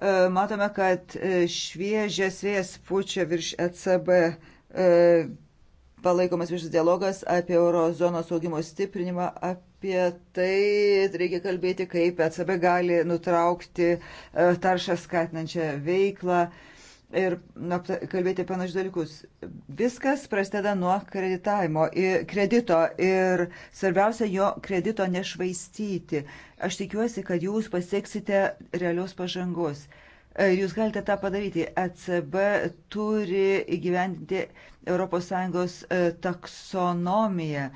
E, matome, kad e, šviežias vėjas pučia virš ECB e, palaikomas viešas dialogas apie eurozonos augimo stiprinimą, apie tai reikia kalbėti, kaip ECB gali nutraukti taršą skatinančią veiklą. Uh, ir na, kalbėti panašius dalykus. Viskas prasideda nuo kreditavimo, kredito ir svarbiausia jo kredito nešvaistyti. Aš tikiuosi, kad jūs pasieksite realios pažangos. E, jūs galite tą padaryti. ECB turi įgyvendinti ES e, taksonomiją.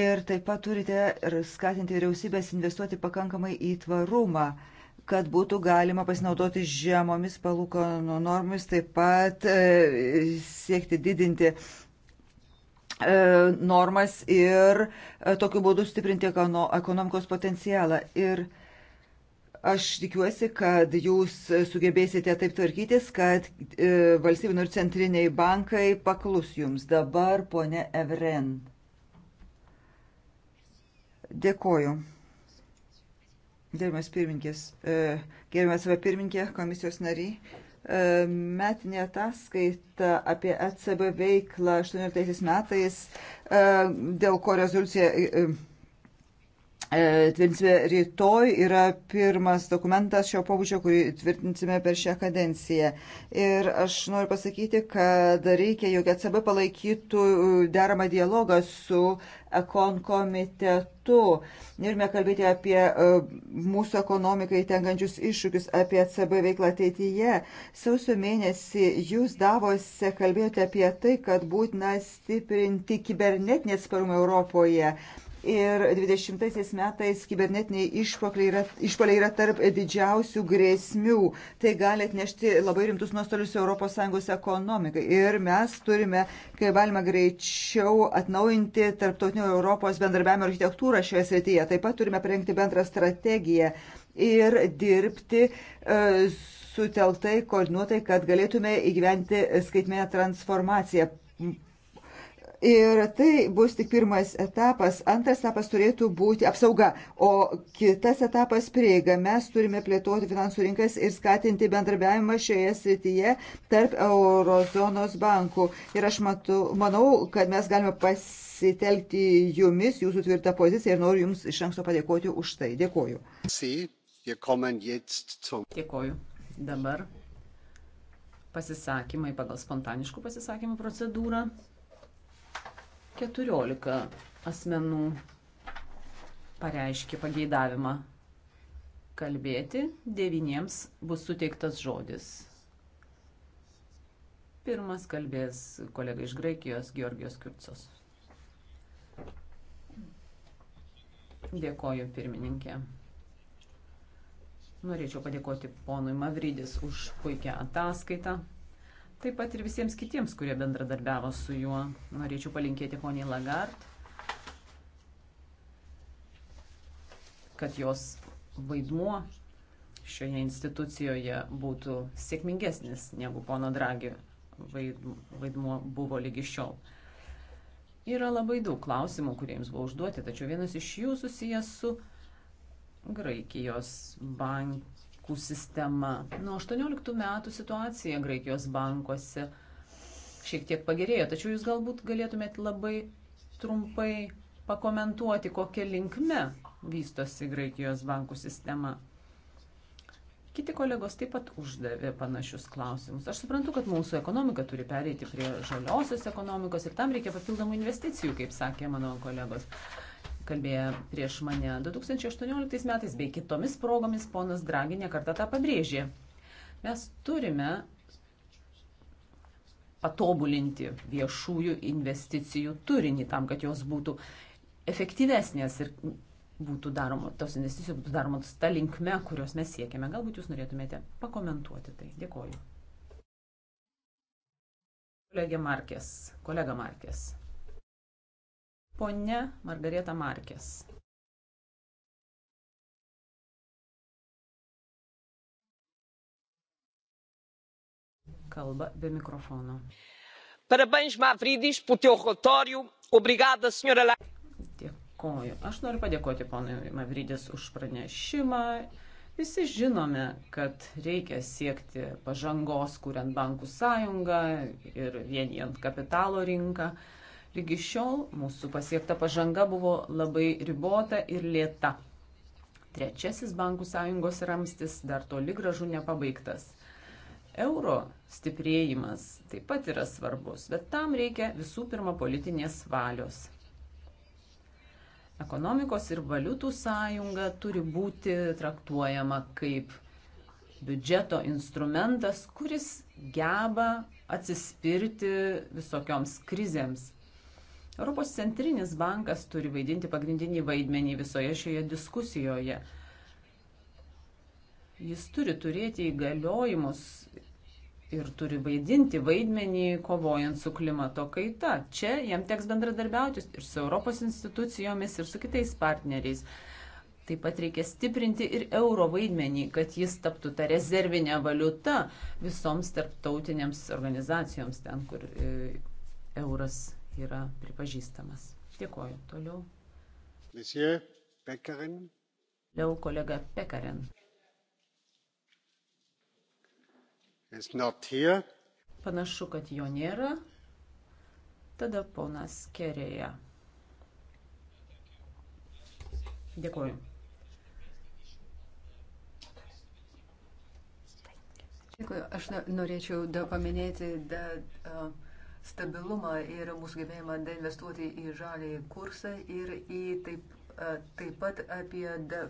Ir taip pat turite skatinti vyriausybės investuoti pakankamai į tvarumą. Uh, kad būtų galima pasinaudoti žemomis palūkanų normomis, taip pat e, siekti didinti e, normas ir e, tokiu būdu stiprinti ekonomikos potencialą. Ir aš tikiuosi, kad jūs sugebėsite taip tvarkytis, kad valstybinų ir centriniai bankai paklus jums. Dabar, ponė Evren. Dėkoju. Gerbiamas pirmininkės, e, gerbiamas pirmininkė, komisijos nariai, e, metinė ataskaita apie ECB veiklą 18 metais, e, dėl ko rezoliucija E, tvirtinsime rytoj yra pirmas dokumentas šio pobūdžio, kurį tvirtinsime per šią kadenciją. Ir aš noriu pasakyti, kad reikia, jog ECB palaikytų deramą dialogą su ekon komitetu. Norime kalbėti apie e, mūsų ekonomikai tenkančius iššūkius, apie ECB veiklą ateityje. Sausio mėnesį jūs davose kalbėjote apie tai, kad būtina stiprinti kibernetinį atsparumą Europoje Ir 20 metais kibernetiniai išpoliai yra, išpoliai yra tarp didžiausių grėsmių. Tai gali atnešti labai rimtus nuostolius ES ekonomikai. Ir mes turime, kaip galima greičiau, atnaujinti tarptautinio Europos bendarbiavimo architektūrą šioje srityje. Taip pat turime parengti bendrą strategiją ir dirbti e, suteltai, koordinuotai, kad galėtume įgyventi skaitmenę transformaciją Ir tai bus tik pirmas etapas. Antras etapas turėtų būti apsauga, o kitas etapas prieiga. Mes turime plėtoti finansų rinkas ir skatinti bendrabiavimą šioje srityje tarp eurozonos bankų. Ir aš matu, manau, kad mes galime pasitelkti jumis, jūsų tvirtą poziciją ir noriu jums iš anksto padėkoti už tai. Dėkoju. Dėkoju. Dabar pasisakymai pagal spontaniškų pasisakymų procedūrą. 14 asmenų pareiškė pageidavimą kalbėti, devyniems bus suteiktas žodis. Pirmas kalbės kolega iš Graikijos Georgijos Kirtsos. Dėkoju pirmininkė. Norėčiau padėkoti ponui Mavrydis už puikią ataskaitą taip pat ir visiems kitiems, kurie bendradarbiavo su juo. Norėčiau palinkėti poniai Lagard, kad jos vaidmuo šioje institucijoje būtų sėkmingesnis negu pono Dragi vaidmuo buvo lygi šiol. Yra labai daug klausimų, kuriems buvo užduoti, tačiau vienas iš jų susijęs su Graikijos bank paskolų sistema. Nuo 18 metų situacija Graikijos bankuose šiek tiek pagerėjo, tačiau jūs galbūt galėtumėt labai trumpai pakomentuoti, kokia linkme vystosi Graikijos bankų sistema. Kiti kolegos taip pat uždavė panašius klausimus. Aš suprantu, kad mūsų ekonomika turi pereiti prie žaliosios ekonomikos ir tam reikia papildomų investicijų, kaip sakė mano kolegos kalbėję prieš mane 2018 metais bei kitomis progomis ponas Dragi nekartą tą pabrėžė. Mes turime patobulinti viešųjų investicijų turinį tam, kad jos būtų efektyvesnės ir būtų daroma, tos investicijos būtų daromos tą linkme, kurios mes siekiame. Galbūt jūs norėtumėte pakomentuoti tai. Dėkoju. Kolegė Markės, kolega Markės. Pone Margareta Markės. Kalba be mikrofono. Parabéns, Mavridis, por teu relatório. Obrigada, senhora Lai. Dėkoju. Aš noriu padėkoti ponui Mavridis už pranešimą. Visi žinome, kad reikia siekti pažangos, kuriant bankų sąjungą ir vienijant kapitalo rinką. Uh, Lygi šiol mūsų pasiekta pažanga buvo labai ribota ir lėta. Trečiasis bankų sąjungos ramstis dar toli gražu nepabaigtas. Euro stiprėjimas taip pat yra svarbus, bet tam reikia visų pirma politinės valios. Ekonomikos ir valiutų sąjunga turi būti traktuojama kaip biudžeto instrumentas, kuris geba atsispirti visokioms krizėms. Europos centrinis bankas turi vaidinti pagrindinį vaidmenį visoje šioje diskusijoje. Jis turi turėti įgaliojimus ir turi vaidinti vaidmenį kovojant su klimato kaita. Čia jam teks bendradarbiauti ir su Europos institucijomis, ir su kitais partneriais. Taip pat reikia stiprinti ir euro vaidmenį, kad jis taptų tą rezervinę valiutą visoms tarptautinėms organizacijoms ten, kur e, euras yra pripažįstamas. Dėkoju. Toliau. Monsieur Pekarin. Liau kolega Pekarin. Panašu, kad jo nėra. Tada ponas Kerėja. Dėkuoju. Dėkuoju. Aš norėčiau da paminėti da, uh, stabilumą ir mūsų gyvenimą investuoti į žalį kursą ir į taip, taip pat apie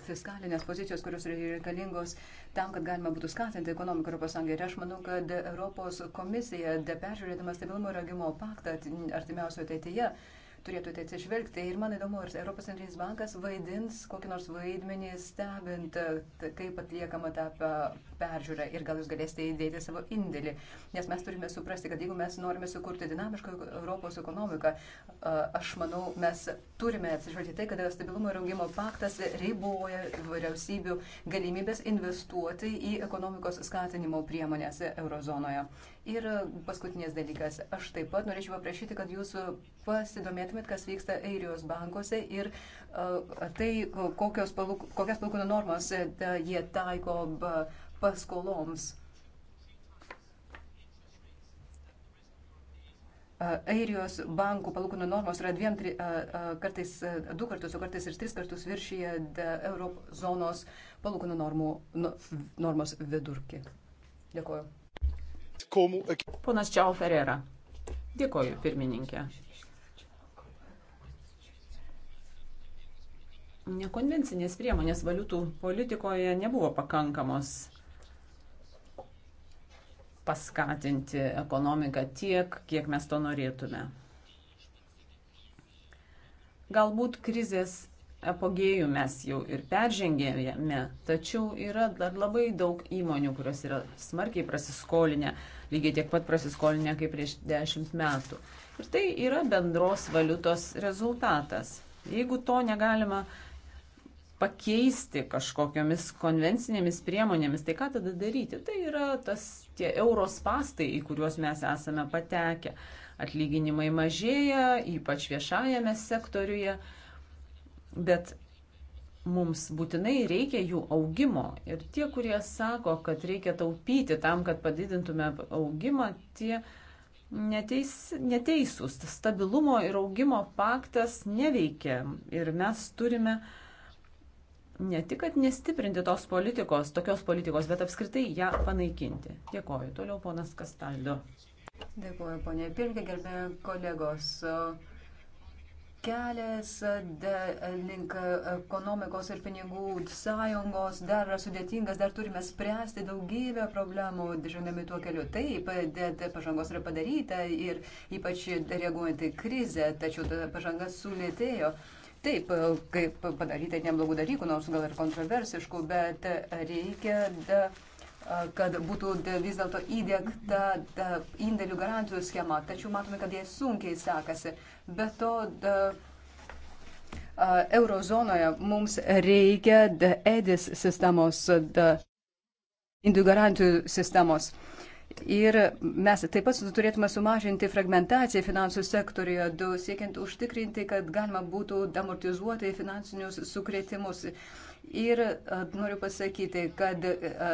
fiskalinės pozicijos, kurios yra reikalingos tam, kad galima būtų skatinti ekonomiką Europos Sąjungoje. Ir aš manau, kad Europos komisija, peržiūrėdama stabilumo ir augimo paktą artimiausioje ateityje, at, turėtų tai atsižvelgti. Ir man įdomu, ar Europos centrinis bankas vaidins kokį nors vaidmenį stebint, e, kaip atliekama ta peržiūra ir gal jūs galėsite įdėti savo indėlį. Nes mes turime suprasti, kad jeigu mes norime sukurti dinamišką Europos ekonomiką, e, aš manau, mes turime atsižvelgti tai, kad stabilumo ir augimo paktas riboja vyriausybių galimybės investuoti į ekonomikos skatinimo priemonės eurozonoje. Ir e, paskutinis dalykas, aš taip pat norėčiau paprašyti, kad jūs e, pasidomėtumėt, kas vyksta Airijos bankuose ir uh, tai, kokios palūk, kokias palūkanų normas uh, jie taiko uh, paskoloms. Airijos bankų palūkanų normos yra dviem, tri, kartais du kartus, o kartais ir tris kartus viršyje Eurozonos palūkanų normų, normos vidurkį. Dėkuoju. Ponas Čiau Ferrera. Dėkoju, pirmininkė. Nekonvencinės priemonės valiutų politikoje nebuvo pakankamos paskatinti ekonomiką tiek, kiek mes to norėtume. Galbūt krizės apogėjų mes jau ir peržengėme, tačiau yra dar labai daug įmonių, kurios yra smarkiai prasiskolinę, lygiai tiek pat prasiskolinę kaip prieš dešimt metų. Ir tai yra bendros valiutos rezultatas. Jeigu to negalima pakeisti kažkokiamis konvencinėmis priemonėmis, tai ką tada daryti? Tai yra tas tie eurospastai, į kuriuos mes esame patekę. Atlyginimai mažėja, ypač viešajame sektoriuje bet mums būtinai reikia jų augimo. Ir tie, kurie sako, kad reikia taupyti tam, kad padidintume augimą, tie neteis, neteisūs. Stabilumo ir augimo paktas neveikia. Ir mes turime ne tik, kad nestiprinti tos politikos, tokios politikos, bet apskritai ją panaikinti. Dėkoju. Toliau ponas Kastaldo. Dėkoju, ponė Pirke, gerbė kolegos. Uh Kelias link ekonomikos ir pinigų sąjungos dar yra sudėtingas, dar turime spręsti daugybę problemų, žengdami tuo keliu. Taip, pažangos yra padaryta ir ypač reaguojant į krizę, tačiau pažanga sulėtėjo. Taip, kaip padaryta neblogų dalykų, nors gal ir kontroversiškų, bet reikia. Da, kad būtų vis dėlto įdėkta indėlių garantijų schema, tačiau matome, kad jie sunkiai sekasi. Be to, da, eurozonoje mums reikia da, EDIS sistemos, indėlių garantijų sistemos. Ir mes taip pat turėtume sumažinti fragmentaciją finansų sektorijoje, du, siekiant užtikrinti, kad galima būtų amortizuoti finansinius sukretimus. Ir a, noriu pasakyti, kad a,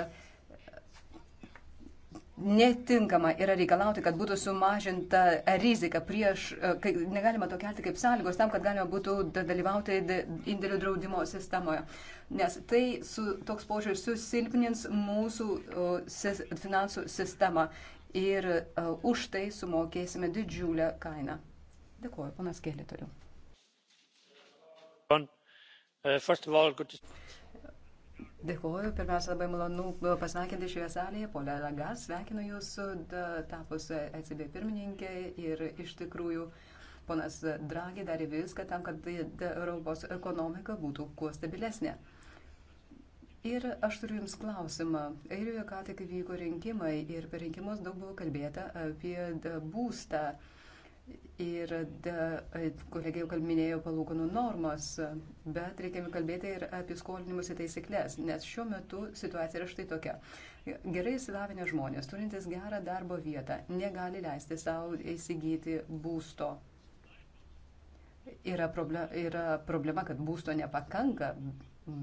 netinkama yra reikalauti, kad būtų sumažinta rizika prieš, e, kai negalima to kelti kaip sąlygos tam, kad galima būtų dalyvauti indėlių draudimo sistemoje. Nes tai su, toks požiūris susilpnins mūsų finansų sistemą ir uh, už tai sumokėsime didžiulę kainą. Dėkuoju, panas Kėlė, toliau. E, Dėkuoju, pirmiausia, labai malonu pasveikinti šioje salėje. Polė Lagas, sveikinu Jūs, tapus ECB pirmininkė ir iš tikrųjų ponas Dragi darė viską tam, kad tai, Europos ekonomika būtų kuo stabilesnė. Ir aš turiu Jums klausimą. Airijoje ką tik vyko rinkimai ir per rinkimus daug buvo kalbėta apie būstą. Uh, Ir e, kolegai jau kalbėjo palūkanų normos, bet reikia kalbėti ir apie skolinimus į taisyklės, nes šiuo metu situacija yra štai tokia. Gerai įsilavinę žmonės, turintys gerą darbo vietą, negali leisti savo įsigyti būsto. Yra, problem, yra problema, kad būsto nepakanka,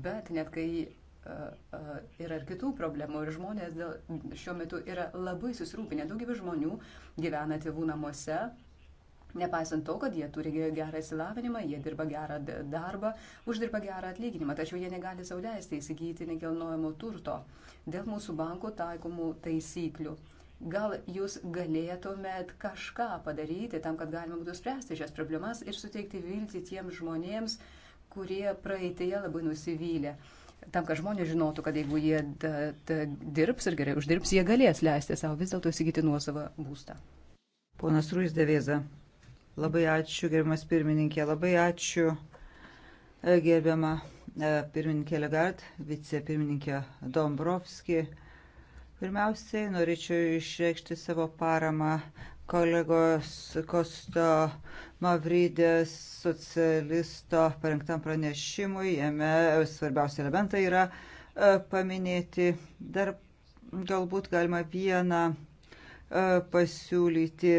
bet net kai e, e, yra ir kitų problemų ir žmonės dėl, šiuo metu yra labai susirūpinę. Daugybė žmonių gyvena tėvų namuose, Nepaisant to, kad jie turi gerą įsilavinimą, jie dirba gerą darbą, uždirba gerą atlyginimą, tačiau jie negali sauliaisti įsigyti nekilnojamo turto dėl mūsų bankų taikomų taisyklių. Gal jūs galėtumėt kažką padaryti tam, kad galima būtų spręsti šias problemas ir suteikti viltį tiems žmonėms, kurie praeitėje labai nusivylė. Tam, kad žmonės žinotų, kad jeigu jie da, da, dirbs ir gerai uždirbs, jie galės leisti savo vis dėlto įsigyti nuosavą būstą. Ponas Ruiz Deveza. Labai ačiū, gerbiamas pirmininkė, labai ačiū, e, gerbiama e, pirmininkė Legard, vicepirmininkė Dombrovski. Pirmiausiai norėčiau išreikšti savo paramą kolegos Kosto Mavrydės socialisto parengtam pranešimui. Jame svarbiausi elementai yra e, paminėti. Dar galbūt galima vieną pasiūlyti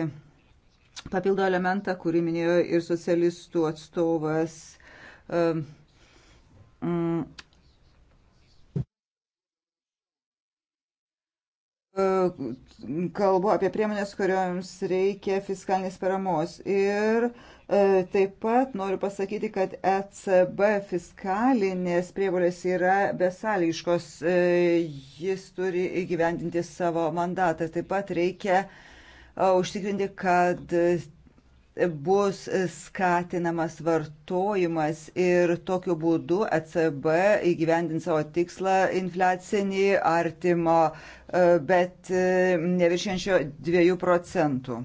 papildo elementą, kurį minėjo ir socialistų atstovas. Mm, e, kalbu apie priemonės, kuriuoms reikia fiskalinės paramos. Ir e, taip pat noriu pasakyti, kad ECB fiskalinės prievolės yra besąlygiškos. E, jis turi įgyvendinti savo mandatą. Taip pat reikia uh, užtikrinti, kad bus skatinamas vartojimas ir tokiu būdu ECB įgyvendint savo tikslą infliacinį artimo, bet e, neviršiančio 2 procentų.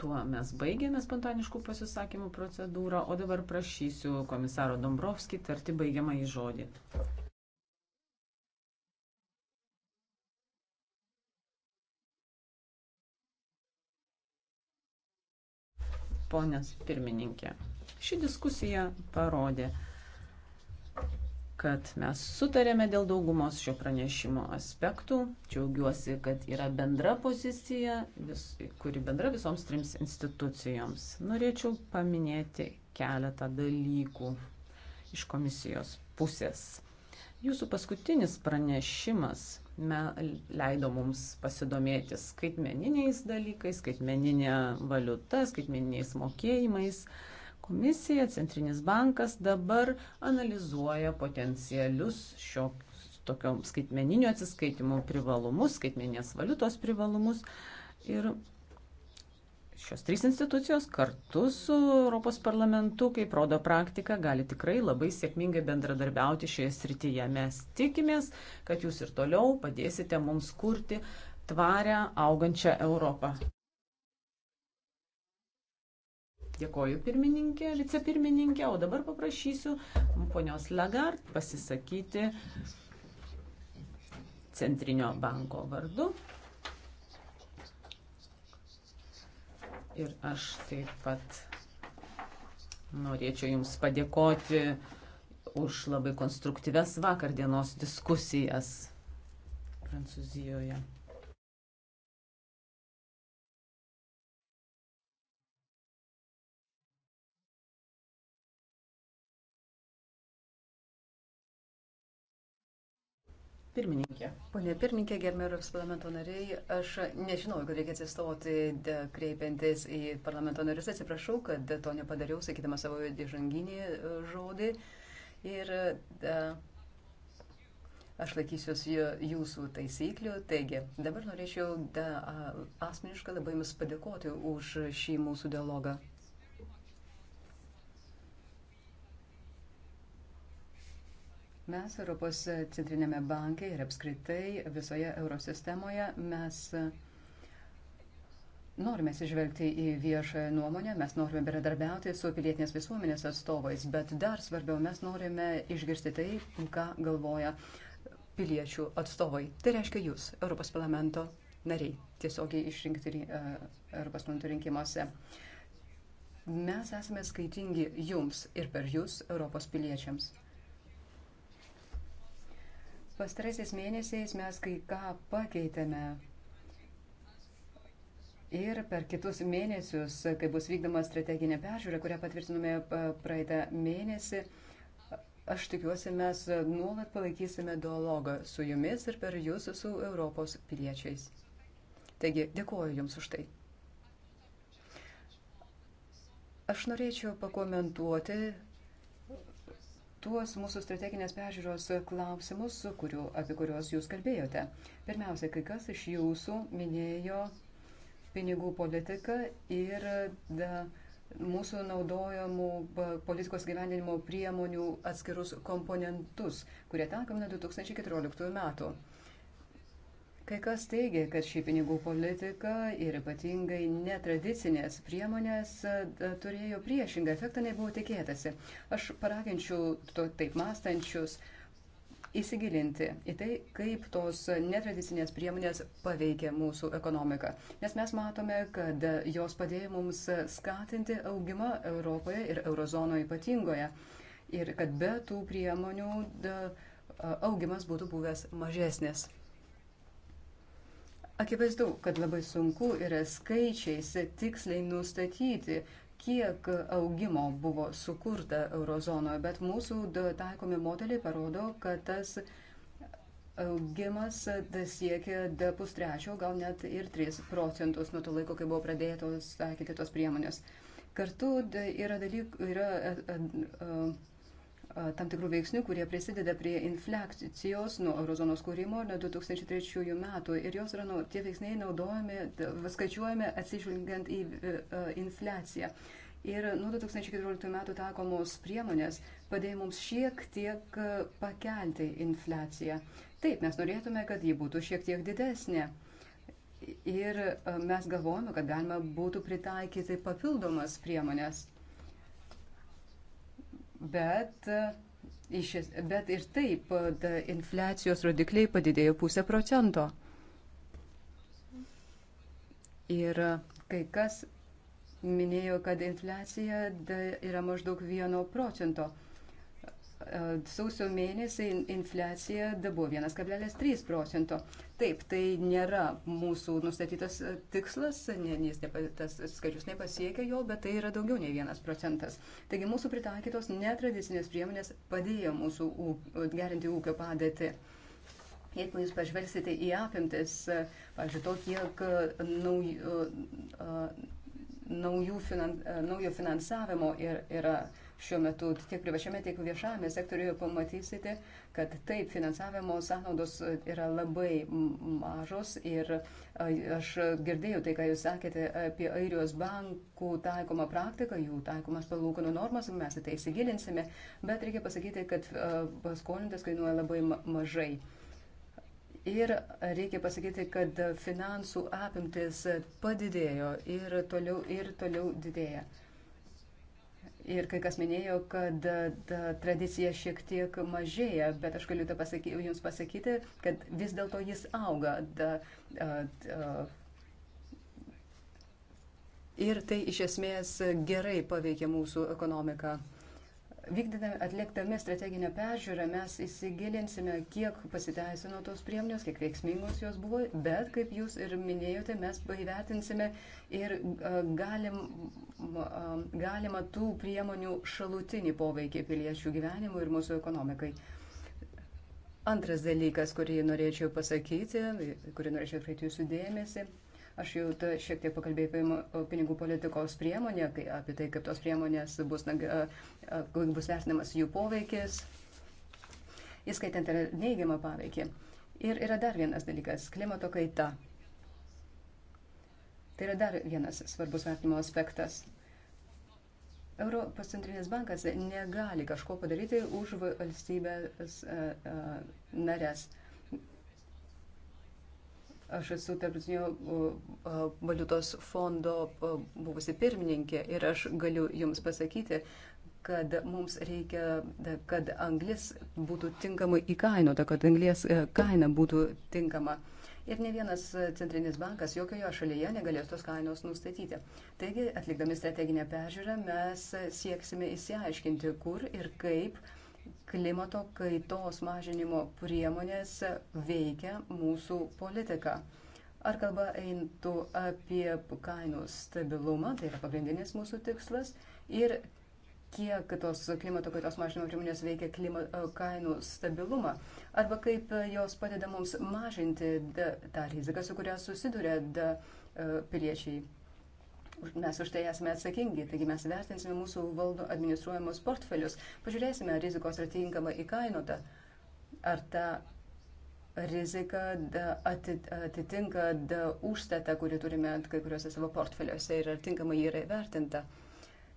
Tuo mes baigėme spontaniškų pasisakymų procedūrą, o dabar prašysiu komisaro Dombrovskį tarti baigiamą į žodį. ponės pirmininkė. Ši diskusija parodė, kad mes sutarėme dėl daugumos šio pranešimo aspektų. Džiaugiuosi, kad yra bendra pozicija, vis, kuri bendra visoms trims institucijoms. Norėčiau paminėti keletą dalykų iš komisijos pusės. Jūsų paskutinis pranešimas leido mums pasidomėti skaitmeniniais dalykais, skaitmeninė valiuta, skaitmeniniais mokėjimais. Komisija, Centrinis bankas dabar analizuoja potencialius šio tokio skaitmeninio atsiskaitimo privalumus, skaitmeninės valiutos privalumus. Ir Šios trys institucijos kartu su Europos parlamentu, kaip rodo praktika, gali tikrai labai sėkmingai bendradarbiauti šioje srityje. Mes tikimės, kad jūs ir toliau padėsite mums kurti tvarę augančią Europą. Dėkoju pirmininkė, vicepirmininkė, o dabar paprašysiu ponios Lagard pasisakyti Centrinio banko vardu. Ir aš taip pat norėčiau Jums padėkoti už labai konstruktyves vakardienos diskusijas Prancūzijoje. Pirmininkė. Pone pirmininkė, gerbėjus parlamento nariai, aš nežinau, jeigu reikia atsistoti, de, kreipiantis į parlamento narius, atsiprašau, kad to nepadariau, sakydama savo įžanginį e, žodį. Ir da, e, aš laikysiuosi jūsų taisyklių. Taigi, dabar norėčiau da, asmeniškai labai jums padėkoti už šį mūsų dialogą. Mes Europos centrinėme banke ir apskritai visoje eurosistemoje mes norime sižvelgti į viešąją nuomonę, mes norime bendradarbiauti su pilietinės visuomenės atstovais, bet dar svarbiau mes norime išgirsti tai, ką galvoja piliečių atstovai. Tai reiškia jūs, Europos parlamento nariai, tiesiogiai išrinkti uh, Europos parlamento rinkimuose. Mes esame skaitingi jums ir per jūs, Europos piliečiams. Pastaraisiais mėnesiais mes kai ką pakeitėme. Ir per kitus mėnesius, kai bus vykdoma strateginė peržiūra, kurią patvirtinome praeitą mėnesį, aš tikiuosi, mes nuolat palaikysime dialogą su jumis ir per jūs su Europos piliečiais. Taigi, dėkuoju Jums už tai. Aš norėčiau pakomentuoti tuos mūsų strateginės pežiūros klausimus, kuriu, apie kuriuos jūs kalbėjote. Pirmiausia, kai kas iš jūsų minėjo pinigų politiką ir da, mūsų naudojamų politikos gyvendinimo priemonių atskirus komponentus, kurie tenkami nuo 2014 metų. Kai kas teigia, kad ši pinigų politika ir ypatingai netradicinės priemonės e, turėjo priešingą efektą, nei buvo tikėtasi. Aš paraginčiau to taip mąstančius įsigilinti į tai, kaip tos netradicinės priemonės paveikia mūsų ekonomiką. Nes mes matome, kad jos padėjo mums skatinti augimą Europoje ir eurozonoje ypatingoje. Ir kad be tų priemonių augimas būtų buvęs mažesnis. Akivaizdu, kad labai sunku yra skaičiais tiksliai nustatyti, kiek augimo buvo sukurta eurozonoje, bet mūsų taikomi modeliai parodo, kad tas augimas siekia pustrečio, gal net ir 3 procentus nuo to laiko, kai buvo pradėtos taikyti tos priemonės. Kartu yra, dalyk, yra a, a, a, tam tikrų veiksnių, kurie prisideda prie infliacijos nuo eurozonos kūrimo nuo 2003 metų. Ir jos yra, tie veiksniai naudojami, skaičiuojami atsižvelgiant į e, e, infliaciją. Ir nuo 2014 metų takomos priemonės padėjo mums šiek tiek e, pakelti infliaciją. Taip, mes norėtume, kad ji būtų šiek tiek didesnė. Ir mes galvojame, kad galima būtų pritaikyti papildomas priemonės bet, e, iš, bet ir taip e, infliacijos rodikliai padidėjo pusę procento. Ir e, kai kas minėjo, kad infliacija yra maždaug vieno procento. E, sausio mėnesį infliacija buvo 1,3 procento. Taip, tai nėra mūsų nustatytas e, tikslas, nes tas skaičius nepasiekia jo, bet tai yra daugiau nei 1 procentas. Taigi mūsų pritaikytos netradicinės priemonės padėjo mūsų e, gerinti ūkio padėtį. Jeigu jūs pažvelgsite į apimtis, pavyzdžiui, to, kiek nauj, naujų finan, naujo finansavimo yra. yra šiuo metu tiek privačiame, tiek viešame sektoriuje pamatysite, kad taip, finansavimo sąnaudos e, yra labai mažos ir e, aš girdėjau tai, ką jūs sakėte apie Airijos bankų taikomą praktiką, jų taikomas palūkanų normas, mes į tai įsigilinsime, bet reikia pasakyti, kad paskolintas e, kainuoja labai mažai. Ir reikia pasakyti, kad finansų apimtis padidėjo ir toliau, ir toliau didėja. Ir kai kas minėjo, kad e, ta tradicija šiek tiek mažėja, bet aš galiu pasaky, jums pasakyti, kad vis dėlto jis auga. Da, da, ir tai iš esmės gerai paveikia mūsų ekonomiką. Vykdydami, atliktami strateginę peržiūrą mes įsigilinsime, kiek pasiteisino tos priemonės, kiek veiksmingos jos buvo, bet, kaip jūs ir minėjote, mes įvertinsime ir galim, galima tų priemonių šalutinį poveikį piliečių gyvenimui ir mūsų ekonomikai. Antras dalykas, kurį norėčiau pasakyti, kurį norėčiau atkreipti jūsų dėmesį, Aš jau ta, šiek tiek pakalbėjau apie pinigų politikos priemonę, kai, apie tai, kaip tos priemonės bus, na, bus vertinamas jų poveikis, įskaitant ir neigiamą poveikį. Ir yra dar vienas dalykas - klimato kaita. Tai yra dar vienas svarbus vertinimo aspektas. Europos centrinis bankas negali kažko padaryti už valstybės narės. Uh, uh, Aš esu Tarptautinio valiutos fondo buvusi pirmininkė ir aš galiu Jums pasakyti, kad mums reikia, kad anglis būtų tinkamai įkainota, kad anglės e, kaina būtų tinkama. Ir ne vienas centrinis bankas jokioje šalyje negalės tos kainos nustatyti. Taigi, atlikdami strateginę peržiūrą, mes sieksime įsiaiškinti, kur ir kaip uh, klimato kaitos mažinimo priemonės veikia mūsų politiką. Ar kalba eintų apie kainų stabilumą, tai yra pagrindinis mūsų tikslas, ir kiek tos klimato kaitos mažinimo priemonės veikia klima, e, kainų stabilumą, arba kaip jos padeda mums mažinti da, tą riziką, su kuria susiduria da, e, piliečiai mes už tai esame atsakingi, taigi mes vertinsime mūsų valdo administruojamus portfelius, pažiūrėsime, ar rizikos yra tinkama įkainota, ar ta rizika atitinka užstatą, kurį turime kai kuriuose savo portfeliuose ir ar tinkamai yra įvertinta.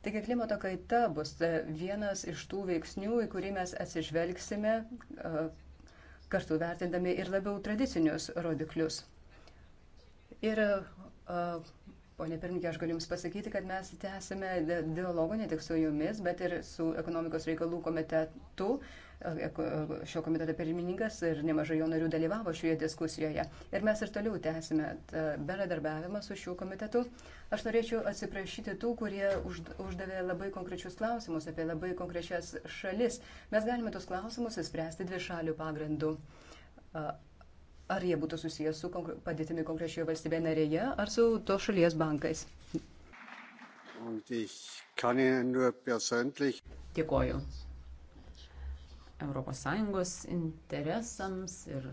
Taigi klimato kaita bus e, vienas iš tų veiksnių, į kurį mes atsižvelgsime kartu vertindami ir labiau tradicinius rodiklius. Ir uh, Pone Pirmininkė, aš galiu Jums pasakyti, kad mes tęsime dialogą ne tik su Jumis, bet ir su ekonomikos reikalų komitetu. Šio komiteto pirmininkas ir nemažai jo narių dalyvavo šioje diskusijoje. Ir mes ir toliau tęsime bendradarbiavimą su šiuo komitetu. Aš norėčiau atsiprašyti tų, kurie uždavė labai konkrečius klausimus apie labai konkrečias šalis. Mes galime tos klausimus įspręsti dvi šalių pagrindų ar jie būtų susijęs su padėtimi konkrečioje valstybėje narėje ar su to šalies bankais. Dėkoju. ES interesams ir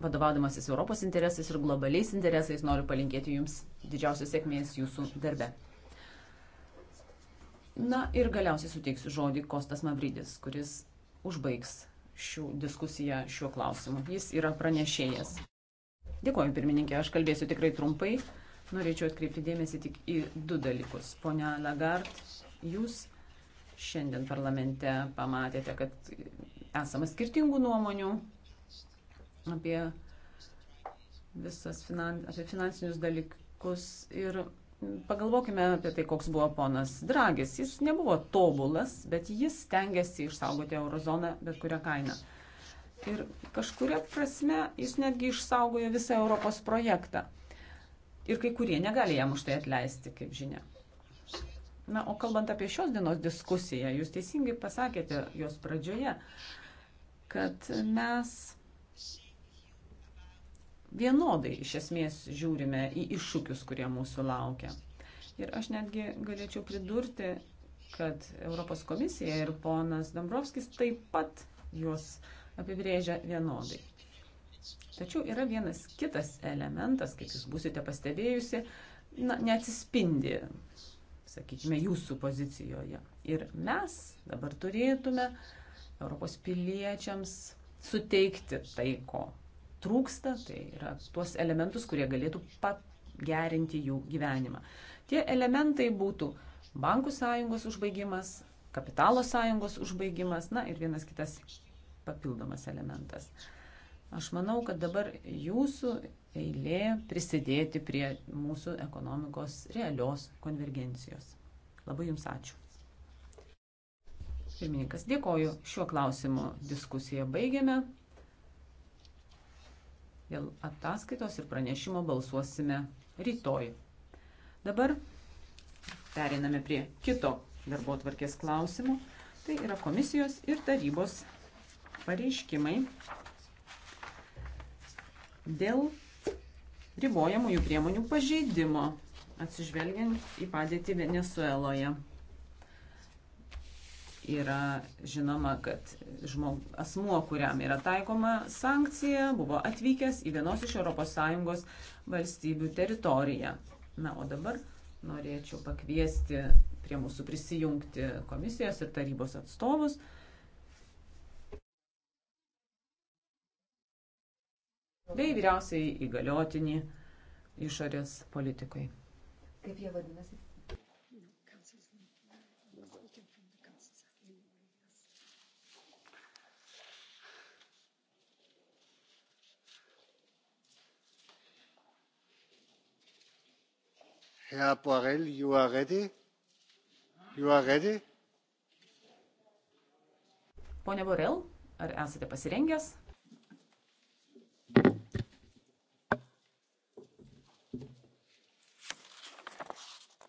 vadovaudamasis Europos interesais ir globaliais interesais noriu palinkėti Jums didžiausios sėkmės Jūsų darbe. Na ir galiausiai suteiksiu žodį Kostas Mavrydis, kuris užbaigs šių diskusiją šiuo klausimu. Jis yra pranešėjas. Dėkuoju, pirmininkė, aš kalbėsiu tikrai trumpai. Norėčiau atkreipti dėmesį tik į du dalykus. Pone Lagart, jūs šiandien parlamente pamatėte, kad esama skirtingų nuomonių apie visas finan, apie finansinius dalykus ir Pagalvokime apie tai, koks buvo ponas Dragis. Jis nebuvo tobulas, bet jis tengiasi išsaugoti eurozoną bet kurią kainą. Ir kažkuria prasme jis netgi išsaugojo visą Europos projektą. Ir kai kurie negali jam už tai atleisti, kaip žinia. Na, o kalbant apie šios dienos diskusiją, jūs teisingai pasakėte jos pradžioje, kad mes vienodai iš esmės žiūrime į iššūkius, kurie mūsų laukia. Ir aš netgi galėčiau pridurti, kad Europos komisija ir ponas Dombrovskis taip pat juos apibrėžia vienodai. Tačiau yra vienas kitas elementas, kaip jūs būsite pastebėjusi, na, neatsispindi, sakykime, jūsų pozicijoje. Ir mes dabar turėtume Europos piliečiams suteikti tai, ko trūksta, tai yra tuos elementus, kurie galėtų pagerinti jų gyvenimą. Tie elementai būtų bankų sąjungos užbaigimas, kapitalo sąjungos užbaigimas, na ir vienas kitas papildomas elementas. Aš manau, kad dabar jūsų eilė prisidėti prie mūsų ekonomikos realios konvergencijos. Labai Jums ačiū. Pirmininkas, dėkoju. Šiuo klausimu diskusiją baigiame. Dėl ataskaitos ir pranešimo balsuosime rytoj. Dabar periname prie kito darbo tvarkės klausimų. Tai yra komisijos ir tarybos pareiškimai dėl ribojamųjų priemonių pažeidimo atsižvelgiant į padėtį Venezueloje yra žinoma, kad žmog, asmuo, kuriam yra taikoma sankcija, buvo atvykęs į vienos iš ES valstybių teritoriją. Na, o dabar norėčiau pakviesti prie mūsų prisijungti komisijos ir tarybos atstovus. bei vyriausiai įgaliotinį išorės politikai. Kaip jie vadinasi? herr borrell you are ready? You are ready? Pone Borel, ar esate pasirengęs?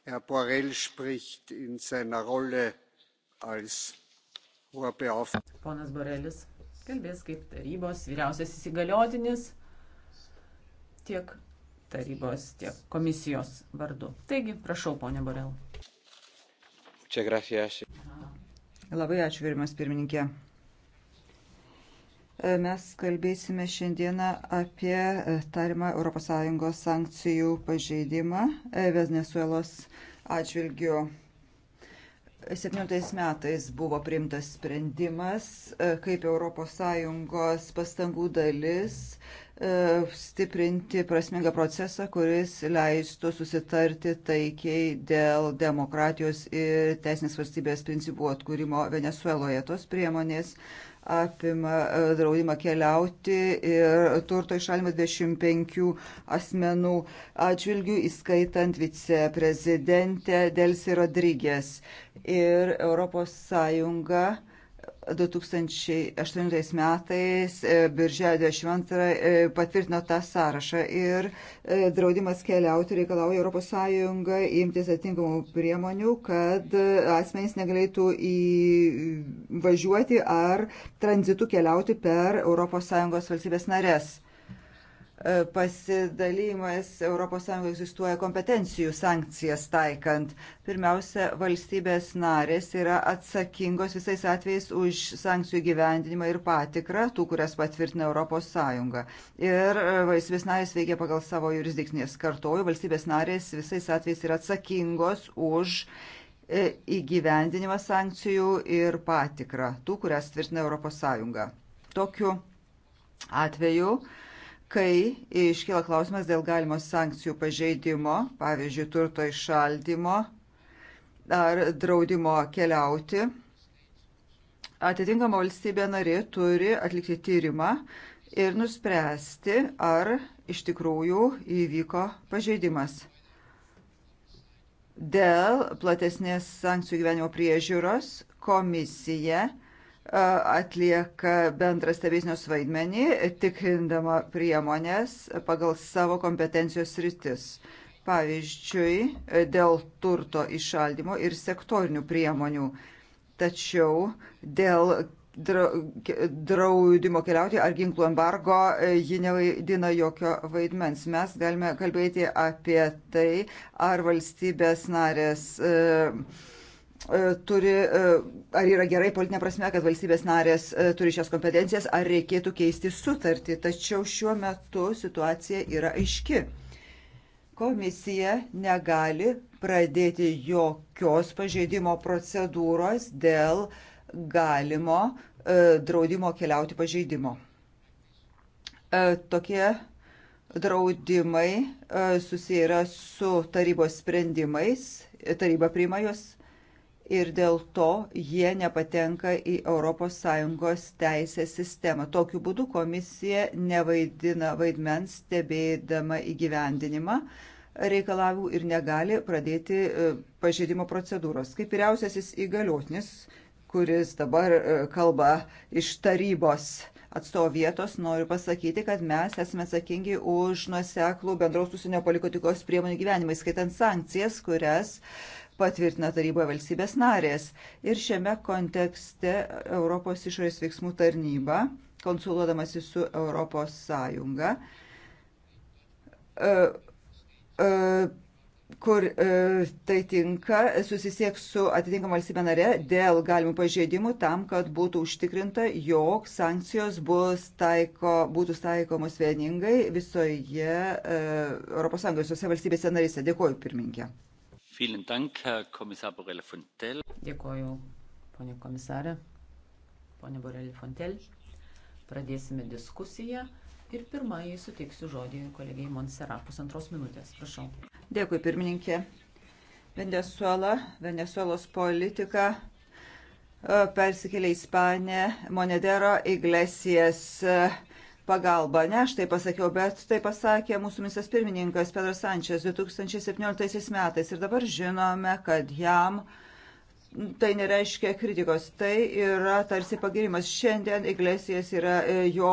Herr Borrell spricht in seiner Rolle als hoher Beauftragter. Ponas Borelis kalbės kaip tarybos vyriausiasis įgaliotinis tiek tarybos, tiek komisijos vardu. Taigi, prašau, ponė Borel. Čia grafijas. Labai ačiū, virimas pirmininkė. E, mes kalbėsime šiandieną apie e, tarimą ES sankcijų pažeidimą e, Venezuelos atžvilgiu. 17 metais buvo priimtas sprendimas kaip ES pastangų dalis E, stiprinti prasmingą procesą, kuris leistų susitarti taikiai dėl demokratijos ir teisinės valstybės principų atkūrimo Venezueloje. Tos priemonės apima e, draudimą keliauti ir turto išalimas 25 asmenų atžvilgių, įskaitant viceprezidentę Delsi Rodrygės. Ir ES 2008 metais e, birželio 22 e, patvirtino tą sąrašą ir e, draudimas keliauti reikalauja ES imtis atinkamų priemonių, kad asmenys negalėtų įvažiuoti ar tranzitu keliauti per ES valstybės narės. E, pasidalymas ES egzistuoja kompetencijų sankcijas taikant. Pirmiausia, valstybės narės yra atsakingos visais atvejais už sankcijų gyvendinimą ir patikrą, tų, kurias patvirtina ES. Ir e, valstybės narės veikia pagal savo jurisdikcinės kartoju, valstybės narės visais atvejais yra atsakingos už e, įgyvendinimą sankcijų ir patikrą, tų, kurias tvirtina ES. Tokiu atveju uh, kai iškyla klausimas dėl galimo sankcijų pažeidimo, pavyzdžiui, turto išaldymo ar draudimo keliauti. Atitinkama valstybė narė turi atlikti tyrimą ir nuspręsti, ar iš tikrųjų įvyko pažeidimas. Dėl platesnės sankcijų gyvenimo priežiūros komisija atlieka bendrą stebėsnios vaidmenį, tikrindama priemonės pagal savo kompetencijos rytis. Pavyzdžiui, dėl turto išaldymo ir sektorinių priemonių. Tačiau dėl draudimo keliauti ar ginklų embargo, e, ji nevaidina jokio vaidmens. Mes galime kalbėti apie tai, ar valstybės narės e, E, turi, e, ar yra gerai politinė prasme, kad valstybės narės e, turi šias kompetencijas, ar reikėtų keisti sutartį. Tačiau šiuo metu situacija yra aiški. Komisija negali pradėti jokios pažeidimo procedūros dėl galimo draudimo keliauti pažeidimo. Tokie draudimai susiję yra su tarybos sprendimais, taryba priima juos ir dėl to jie nepatenka į ES teisės sistemą. Tokiu būdu komisija nevaidina vaidmens stebėdama įgyvendinimą reikalavimų ir negali pradėti e, pažeidimo procedūros. Kaip vyriausiasis įgaliotinis, kuris dabar e, kalba iš tarybos atstovo vietos, noriu pasakyti, kad mes esame atsakingi už nuoseklų bendraus užsienio politikos priemonių gyvenimą, skaitant sankcijas, kurias uh, patvirtina taryboje valstybės narės. Ir šiame kontekste Europos išorės veiksmų tarnyba, konsultuodamasi su Europos Sąjunga, e, e, kur e, tai tinka, susisieks su atitinkama valstybė nare dėl galimų pažeidimų tam, kad būtų užtikrinta, jog sankcijos bus taiko, būtų taikomos vieningai visoje ES, visose valstybėse narėse. Dėkuoju, pirmininkė. Dėkoju, ponė komisarė, ponė Borelė Fontel. Pradėsime diskusiją ir pirmąjį suteiksiu žodį kolegijai Monsera pusantros minutės. Prašau. Dėkui, pirmininkė. Venezuela, Venezuelos politika e, persikėlė į Ispaniją, Monedero Iglesijas e, pagalbą. Ne aš tai pasakiau, bet tai pasakė mūsų ministras pirmininkas Pedras Sančias 2017 metais. Ir dabar žinome, kad jam uh, tai nereiškia kritikos, tai yra tarsi pagirimas. Šiandien Iglesijas yra e, jo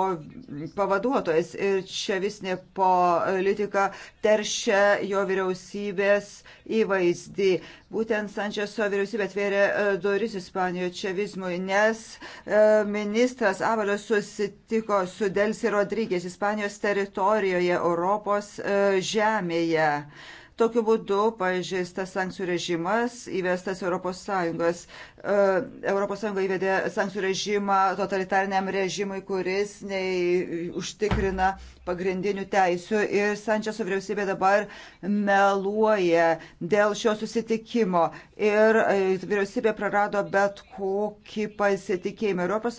pavaduotojas ir čia visnė politika teršia jo vyriausybės įvaizdį. Būtent Sančeso vyriausybė atvėrė e, duris Ispanijoje čevizmui, nes e, ministras Avalas susitiko su Delsi Rodrygės Ispanijos teritorijoje, Europos žemėje. Tokiu būdu pažeistas sankcijų režimas įvestas ES. ES įvedė sankcijų režimą totalitariniam režimui, kuris nei užtikrina uh, pagrindinių teisių ir Sančiaso vyriausybė dabar meluoja dėl šio susitikimo ir e, vyriausybė prarado bet kokį pasitikėjimą. ES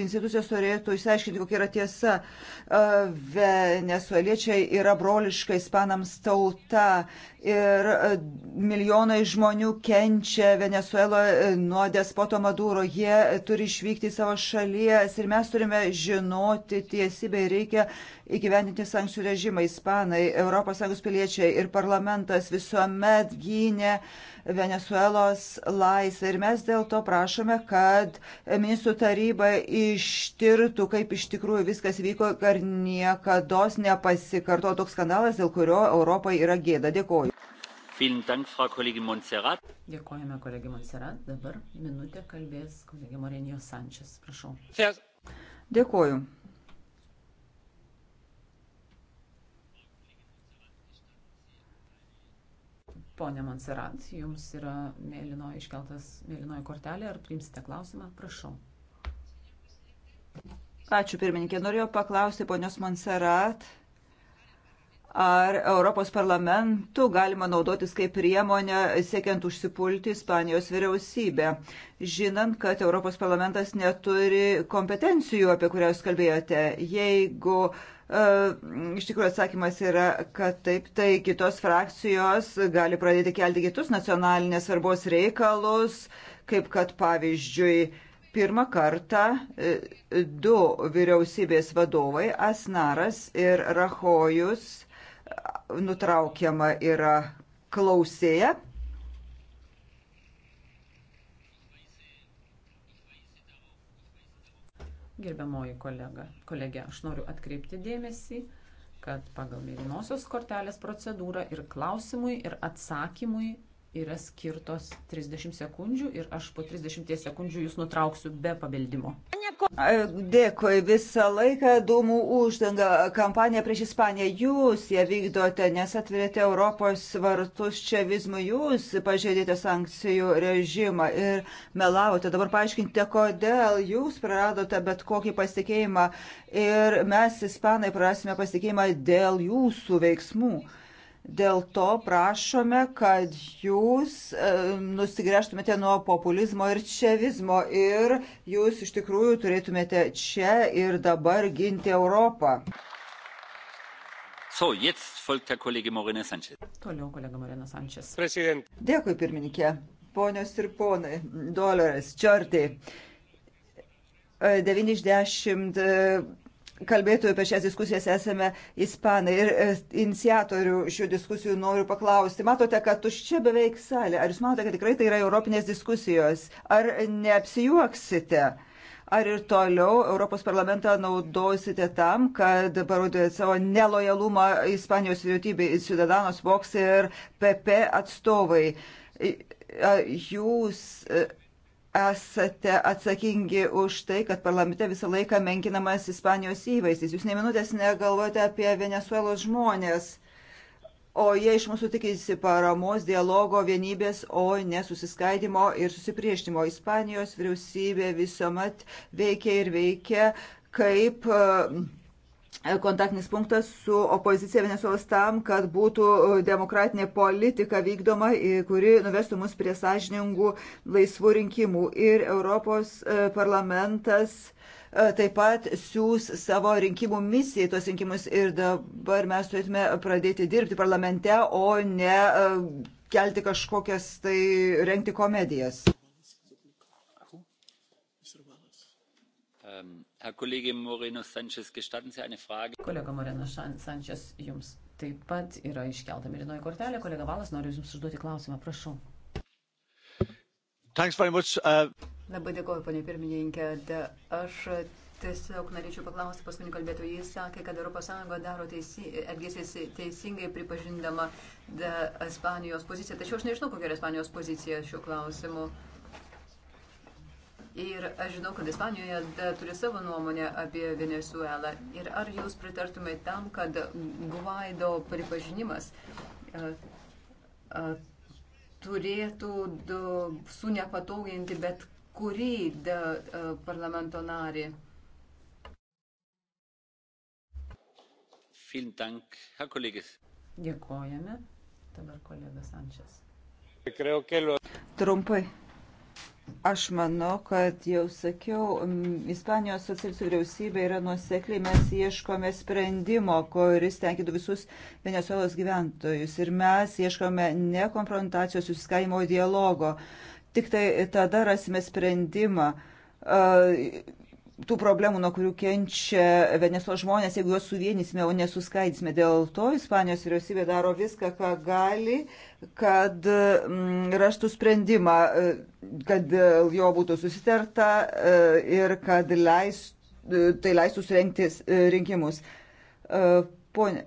institucijos turėtų išsiaiškinti, kokia yra tiesa. E, venezueliečiai yra broliška ispanams tauta ir e, milijonai žmonių kenčia Venezueloje nuo despoto Maduro. Jie turi išvykti į savo šalies ir mes turime žinoti tiesybę ir reikia įgyvendinti sankcijų režimą. Ispanai, ES piliečiai ir parlamentas visuomet gynė Venezuelos laisvę ir mes dėl to prašome, kad ministrų taryba ištirtų, kaip iš tikrųjų viskas vyko, kad niekada nepasikarto toks skandalas, dėl kurio Europai yra gėda. Dėkoju. Dėkojame kolegė Monserrat. Dabar minutę kalbės kolegė Morenijos Sančias. Prašau. Dėkoju. Pone Monserrat, jums yra mėlynoji iškeltas mėlynoji kortelė. Ar priimsite klausimą? Prašau. Ačiū pirmininkė. Norėjau paklausti ponios Monserrat ar Europos parlamentu galima naudotis kaip priemonę siekiant užsipulti Ispanijos vyriausybę, žinant, kad Europos parlamentas neturi kompetencijų, apie kurias kalbėjote. Jeigu uh, iš tikrųjų atsakymas yra, kad taip, tai kitos frakcijos gali pradėti kelti kitus nacionalinės svarbos reikalus, kaip kad pavyzdžiui pirmą kartą e, du vyriausybės vadovai, Asnaras ir Rahojus, nutraukiama yra klausėja. Gerbiamoji kolega, kolegė, aš noriu atkreipti dėmesį, kad pagal mėlynosios kortelės procedūrą ir klausimui, ir atsakymui yra skirtos 30 sekundžių ir aš po 30 sekundžių jūs nutrauksiu be pabeldimo. Dėkui visą laiką dūmų uždanga kampanija prieš Ispaniją. Jūs ją vykdote, nes atvirėte Europos vartus čia vizmų, jūs pažeidėte sankcijų režimą ir melavote. Dabar paaiškinkite, kodėl jūs praradote bet kokį pasitikėjimą ir mes, Ispanai, prarasime pasitikėjimą dėl jūsų veiksmų. Dėl to prašome, kad jūs e, nusigręžtumėte nuo populizmo ir čiavizmo ir jūs iš tikrųjų turėtumėte čia ir dabar ginti Europą. So, jetzt folgt der Kollege Morena Sanchez. Toliau kolega Morena Sanchez. President. Dėkui, pirmininkė. Ponios ir ponai, doleris, čartai. 9 e, iš 10 kalbėtojų apie šias diskusijas esame ispanai ir e, iniciatorių šių diskusijų noriu paklausti. Matote, kad tuščia beveik salė. Ar jūs manote, kad tikrai tai yra europinės diskusijos? Ar neapsijuoksite? Ar ir toliau Europos parlamentą naudosite tam, kad parodojate savo nelojalumą Ispanijos vyriausybei, Ciudadanos Vox ir PP atstovai? Jūs e, esate atsakingi už tai, kad parlamente visą laiką menkinamas Ispanijos įvaizdis. Jūs ne minutės negalvojate apie Venezuelos žmonės, o jie iš mūsų tikisi paramos, dialogo, vienybės, o ne susiskaidimo ir susipriešinimo. Ispanijos vyriausybė visuomet veikia ir veikia kaip uh, E, kontaktinis punktas su opozicija Venezuelos tam, kad būtų e, demokratinė politika vykdoma, e, kuri nuvestų mus prie sąžiningų laisvų rinkimų. Ir Europos parlamentas taip pat siūs savo rinkimų misiją į tos rinkimus ir dabar mes turėtume pradėti dirbti parlamente, o ne kelti kažkokias tai, renkti komedijas. Kolega Moreno Sančias, jums taip pat yra iškelta mirinoji kortelė. Kolega Valas, noriu jums užduoti klausimą, prašau. Much, uh... Labai dėkoju, ponė pirmininkė. De aš tiesiog norėčiau paklausti paskutinį kalbėtoją. Jis sakė, kad ES daro teisi, elgėsi teisingai pripažindama Ispanijos poziciją. Tačiau aš nežinau, kokia yra Ispanijos pozicija šiuo klausimu. Uh, Ir aš žinau, kad Ispanijoje da, turi savo nuomonę apie Venezuelą. Ir ar jūs pritartumėte tam, kad Guaido pripažinimas a, a, turėtų da, sunepatoginti bet kurį da, a, parlamento narį? Dėkojame. Dabar kolega Sančias. Trumpai. Aš manau, kad jau sakiau, Ispanijos socialistų vyriausybė yra nuosekliai, mes ieškome sprendimo, kuris tenkintų visus Venezuelos gyventojus. Ir mes ieškome ne konfrontacijos, susiskaimo dialogo. Tik tai tada rasime sprendimą tų problemų, nuo kurių kenčia Venesuelos žmonės, jeigu juos suvienysime, o nesuskaidysime. Dėl to Ispanijos vyriausybė daro viską, ką gali, kad mm, raštų sprendimą, e, kad dėl jo būtų susitarta e, ir kad leis, e, tai leistų surenkti rinkimus. Pone,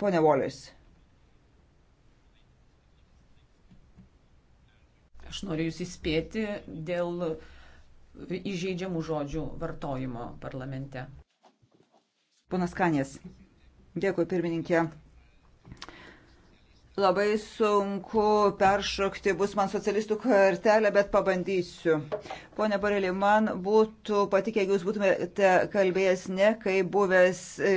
pone Volis. Aš noriu jūs įspėti dėl įžeidžiamų žodžių vartojimo parlamente. Ponas Kanės, dėkui pirmininkė. Labai sunku peršokti bus man socialistų kartelę, bet pabandysiu. Pone Barelį, man būtų patikę, jeigu jūs būtumėte kalbėjęs ne kaip buvęs. E,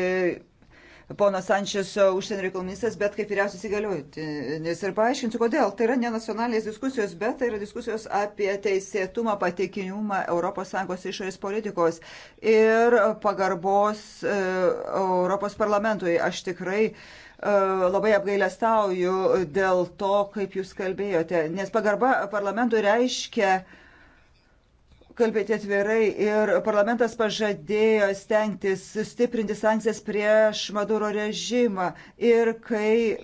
pono Sančioso e, užsienio reikalų ministras, bet kaip vyriausias įgaliojantis. Ir paaiškinsiu, kodėl. Tai yra ne nacionalinės diskusijos, bet tai yra diskusijos apie teisėtumą, patikinimą ES išorės politikos ir pagarbos e, Europos parlamentui. Aš tikrai e, labai apgailestauju dėl to, kaip jūs kalbėjote, nes pagarba parlamentui reiškia kalbėti atvirai ir parlamentas pažadėjo stengtis sustiprinti sankcijas prieš Maduro režimą. Ir kai e,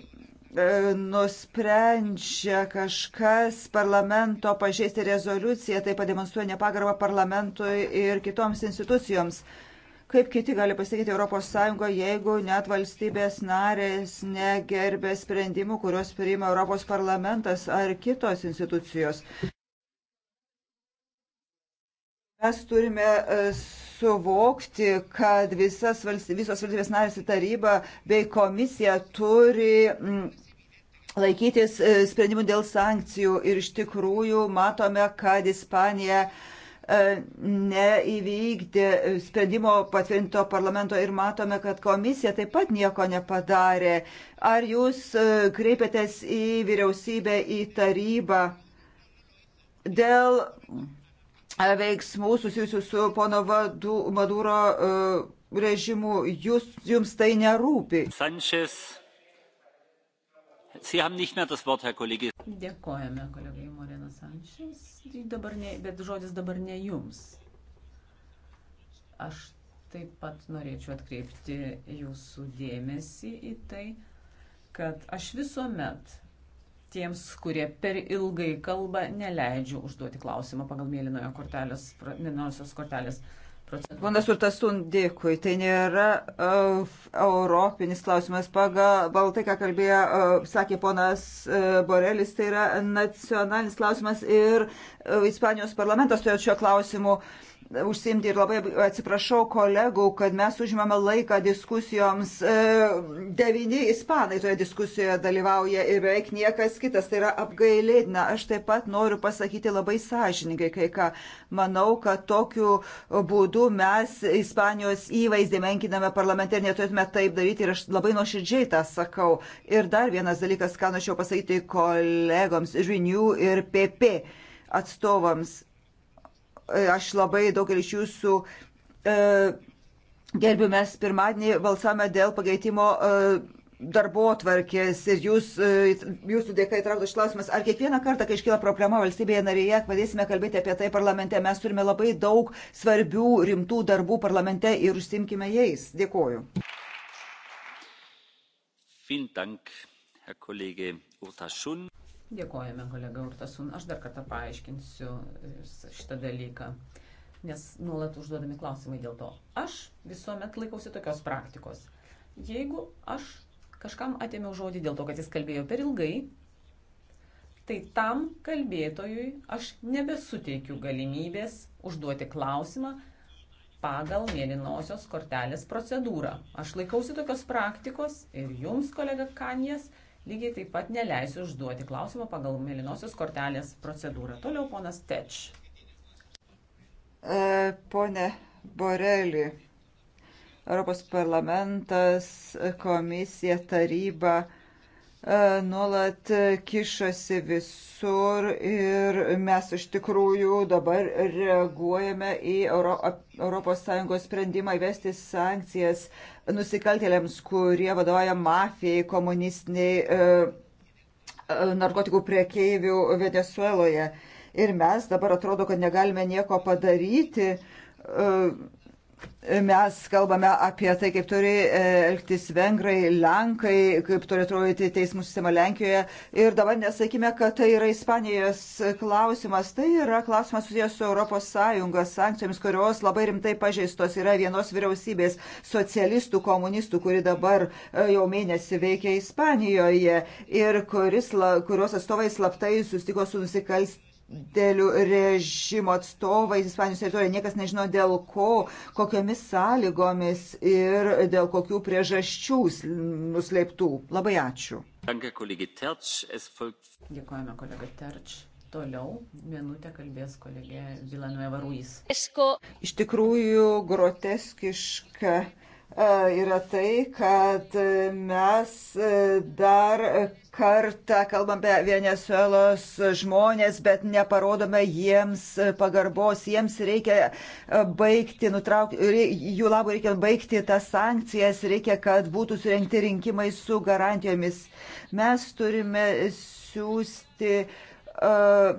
nusprendžia kažkas parlamento pažeisti rezoliuciją, tai pademonstruoja nepagarbą parlamentui ir kitoms institucijoms. Kaip kiti gali pasakyti ES, jeigu net valstybės narės negerbė sprendimų, kuriuos priima Europos parlamentas ar kitos institucijos? Mes turime e, suvokti, kad visas, visos valstybės narės ir taryba bei komisija turi laikytis e, sprendimų dėl sankcijų ir iš tikrųjų matome, kad Ispanija e, neįvykdė sprendimo patvirtinto parlamento ir matome, kad komisija taip pat nieko nepadarė. Ar jūs kreipiatės į vyriausybę, į tarybą dėl veiksmų susijusių su pono vadu, Maduro e, režimu. Jūs, jums tai nerūpi. Sanchez. Sie haben nicht mehr das Wort, Herr Kollege. Dėkojame, kolegai Morena Sančias. Tai bet žodis dabar ne jums. Aš taip pat norėčiau atkreipti jūsų dėmesį į tai, kad aš visuomet tiems, kurie per ilgai kalba, neleidžiu užduoti klausimą pagal mėlynojo kortelės, mėlynosios kortelės. Ponas Urtasun, dėkui. Tai nėra uh, europinis klausimas. Pagal baltai, ką kalbėjo, uh, sakė ponas uh, Borelis, tai yra nacionalinis klausimas ir uh, Ispanijos parlamentas turėjo šio klausimu uh, užsimti ir labai atsiprašau kolegų, kad mes užimame laiką diskusijoms. E, Devini ispanai toje diskusijoje dalyvauja ir beveik niekas kitas. Tai yra apgailėtina. Aš taip pat noriu pasakyti labai sąžininkai kai ką. Manau, kad tokiu būdu mes Ispanijos įvaizdį menkiname parlamente ir neturėtume taip daryti. Ir aš labai nuoširdžiai tą sakau. Ir dar vienas dalykas, ką norėčiau pasakyti kolegoms Žinių ir PP atstovams E, aš labai daugelį iš jūsų e, gerbiu, mes pirmadienį balsavome dėl pakeitimo e, darbo tvarkės ir jūs, jūsų dėka įtrauktas klausimas, ar kiekvieną kartą, kai iškyla problema valstybėje narėje, pradėsime kalbėti apie tai parlamente. Mes turime labai daug svarbių, rimtų darbų parlamente ir užsimkime jais. Dėkoju. Dank, Herr Kollege Urtasun. Dėkojame, kolega Urtasun. Aš dar kartą paaiškinsiu e, šitą dalyką, nes nuolat užduodami klausimai dėl to. Aš visuomet laikausi tokios praktikos. Jeigu aš kažkam atėmiau žodį dėl to, kad jis kalbėjo per ilgai, tai tam kalbėtojui aš nebesuteikiu galimybės užduoti klausimą pagal mėlynosios kortelės procedūrą. Aš laikausi tokios praktikos ir jums, kolega Kanijas, Lygiai taip pat neleisiu užduoti klausimą pagal mėlynosios kortelės procedūrą. Toliau ponas Teč. E, pone Borelį, Europos parlamentas, komisija, taryba E, nuolat kišasi visur ir mes iš tikrųjų dabar reaguojame į Euro, ES sprendimą įvesti sankcijas nusikaltėliams, kurie vadovauja mafijai, komunistiniai e, e, narkotikų priekeivių Venezueloje. Ir mes dabar atrodo, kad negalime nieko padaryti. E, Mes kalbame apie tai, kaip turi e, elgtis vengrai, lenkai, kaip turi atrodyti teismų sistema Lenkijoje. Ir dabar nesakykime, kad tai yra Ispanijos klausimas. Tai yra klausimas susijęs su ES sankcijomis, kurios labai rimtai pažeistos yra vienos vyriausybės socialistų, komunistų, kuri dabar e, jau mėnesį veikia Ispanijoje ir kuris, kurios atstovai slaptai sustiko su nusikalst dėlių režimo atstovai Ispanijos teritorijoje, niekas nežino dėl ko, kokiomis sąlygomis ir dėl kokių priežasčių nuslėptų. Labai ačiū. Dėkojame kolega Terč. Toliau minutę kalbės kolegė Vilanueva Ruiz. Iš tikrųjų groteskiška E, yra tai, kad mes e, dar kartą kalbam apie Venezuelos žmonės, bet neparodome jiems pagarbos. Jiems reikia e, baigti, nutraukti, jų labų reikia baigti tas sankcijas, reikia, kad būtų surinkti rinkimai su garantijomis. Mes turime siūsti. Uh,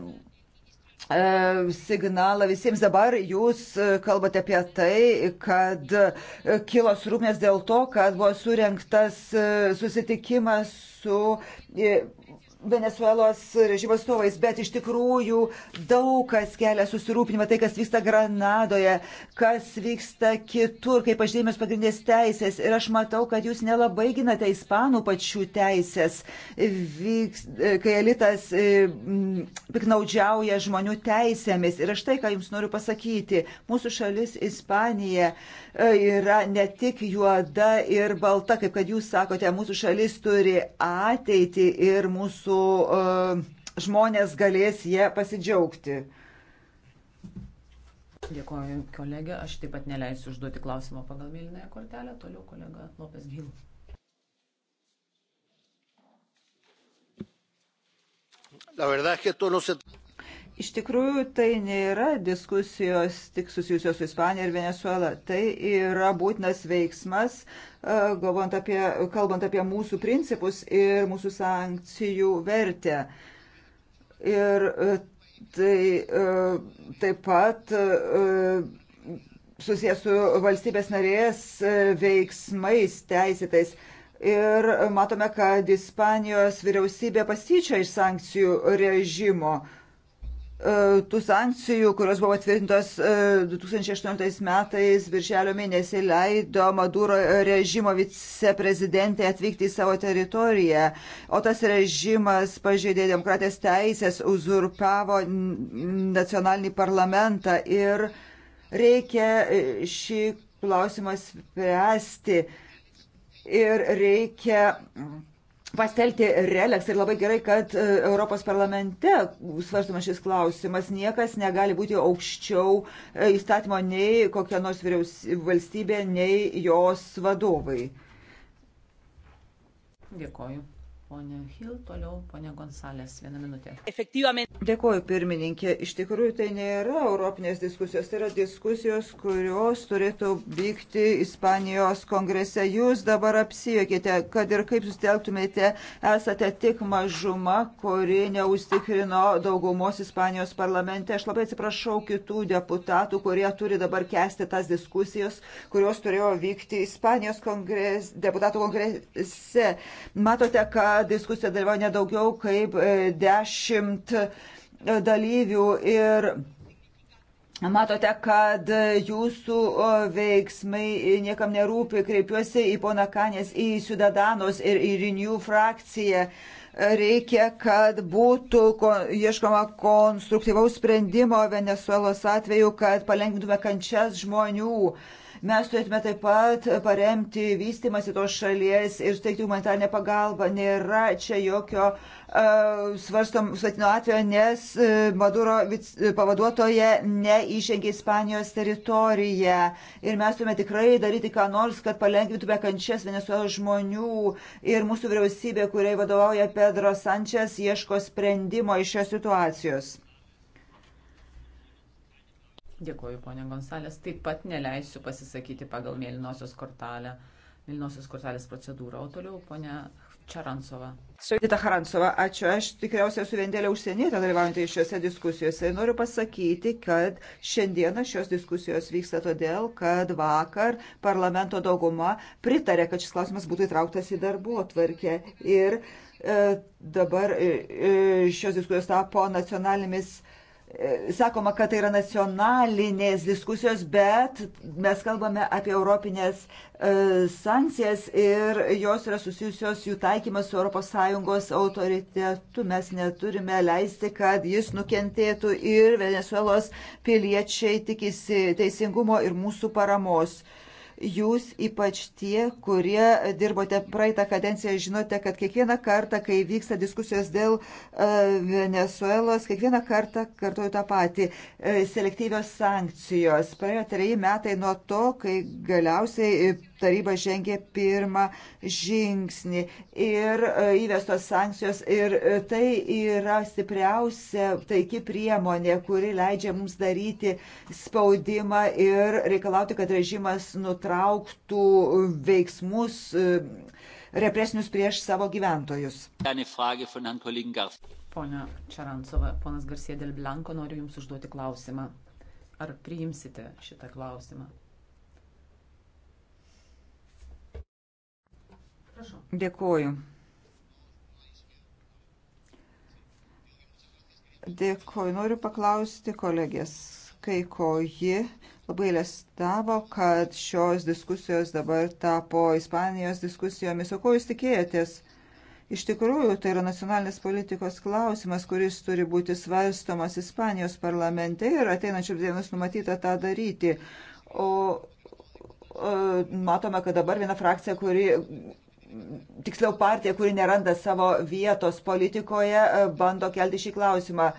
E, signalą visiems dabar. Jūs e, kalbate apie tai, kad e, kilo surūpnės dėl to, kad buvo surinktas susitikimas su Venezuelos režimo atstovais, bet iš tikrųjų daug kas kelia susirūpinimą tai, kas vyksta Granadoje, kas vyksta kitur, kaip aš dėmės pagrindės teisės. Ir aš matau, kad jūs nelabai ginate ispanų pačių teisės, Vyks, e, kai elitas e, piknaudžiauja žmonių teisėmis. Ir aš tai, ką jums noriu pasakyti, mūsų šalis Ispanija e, yra ne tik juoda ir balta, kaip kad jūs sakote, mūsų šalis turi ateitį ir mūsų mūsų e, žmonės galės jie pasidžiaugti. Dėkuoju, kolegė. Aš taip pat neleisiu užduoti klausimą pagal mėlynąją kortelę. Toliau kolega Lopes Gil. La verdad es que esto no se... Iš tikrųjų, tai nėra diskusijos tik susijusios su Ispanija ir Venezuela. Tai yra būtinas veiksmas, e, galvant apie, kalbant apie mūsų principus ir mūsų sankcijų vertę. Ir e, tai e, taip pat susijęs su valstybės narės veiksmais teisėtais. Ir matome, kad Ispanijos vyriausybė pasičia iš sankcijų režimo E, tų sankcijų, kurios buvo atvirtintos 2018 e, metais, birželio mėnesį leido Maduro režimo viceprezidentė atvykti į savo teritoriją, o tas režimas pažeidė demokratės teisės, uzurpavo nacionalinį parlamentą ir reikia e, šį klausimą spręsti ir reikia pastelti releks ir labai gerai, kad e, Europos parlamente svarstamas šis klausimas. Niekas negali būti aukščiau e, įstatymo nei kokia nors valstybė, nei jos vadovai. Dėkoju. Pone Hill, toliau pone Gonsalės, vieną minutę. Dėkuoju, pirmininkė. Iš tikrųjų, tai nėra europinės diskusijos, tai yra diskusijos, kurios turėtų vykti Ispanijos kongrese. Jūs dabar apsijokite, kad ir kaip sustelktumėte, esate tik mažuma, kuri neustikrino daugumos Ispanijos parlamente. Aš labai atsiprašau kitų deputatų, kurie turi dabar kesti tas diskusijos, kurios turėjo vykti Ispanijos kongres, deputatų kongrese. Matote, kad diskusiją dalyvavo nedaugiau kaip e, dešimt e, dalyvių ir Matote, kad jūsų veiksmai niekam nerūpi. Kreipiuosi į poną Kanės, į Ciudadanos ir į Rinių frakciją. Reikia, kad būtų ieškoma konstruktyvaus sprendimo Venezuelos atveju, kad palengvintume kančias žmonių. Uh, Mes turėtume taip pat paremti vystimasi tos šalies ir steigti humanitarinę pagalbą. Nėra čia jokio uh, svarstom svatino atvejo, nes uh, Maduro vic, e, pavaduotoje neišengė Ispanijos teritoriją. Ir mes turime tikrai daryti ką nors, kad palengvintume kančias Venezuelos žmonių. Ir mūsų vyriausybė, kuriai vadovauja Pedro Sančias, ieško sprendimo iš šios situacijos. Dėkoju, ponė Gonsalės. Taip pat neleisiu pasisakyti pagal mėlynosios kortelę, mėlynosios kortelės procedūrą. O toliau, ponė Čaransova. Sovita Haransova, ačiū. Aš tikriausiai esu vienintelė užsienietė dalyvaujantį šiuose diskusijose. Noriu pasakyti, kad šiandieną šios diskusijos vyksta todėl, kad vakar parlamento dauguma pritarė, kad šis klausimas būtų įtrauktas į darbo tvarkę. Ir e, dabar e, e šios diskusijos tapo nacionalinėmis E, sakoma, kad tai yra nacionalinės diskusijos, bet mes kalbame apie europinės e, sankcijas ir jos yra susijusios jų taikymas su ES autoritetu. Mes neturime leisti, kad jis nukentėtų ir Venezuelos piliečiai tikisi teisingumo ir mūsų paramos. Uh, Jūs ypač tie, kurie dirbote praeitą kadenciją, žinote, kad kiekvieną kartą, kai vyksta diskusijos dėl e, Venezuelos, kiekvieną kartą kartuoju tą patį e, - selektyvios sankcijos. Praėjo treji metai nuo to, kai galiausiai taryba žengė pirmą žingsnį ir e, įvestos sankcijos. Ir tai yra stipriausia taiki priemonė, kuri leidžia mums daryti spaudimą ir reikalauti, kad režimas nutrauktų įtrauktų veiksmus e, represinius prieš savo gyventojus. Pone Čarantsova, ponas Garsė dėl Blanko noriu Jums užduoti klausimą. Ar priimsite šitą klausimą? Prašau. Dėkuoju. Dėkuoju. Noriu paklausti kolegės, kai ko ji labai lėstavo, kad šios diskusijos dabar tapo Ispanijos diskusijomis. O ko jūs tikėjotės? Iš tikrųjų, tai yra nacionalinės politikos klausimas, kuris turi būti svarstomas Ispanijos parlamente ir ateinančiam dienas numatyta tą daryti. O, o matome, kad dabar viena frakcija, kuri. Tiksliau partija, kuri neranda savo vietos politikoje, bando kelti šį klausimą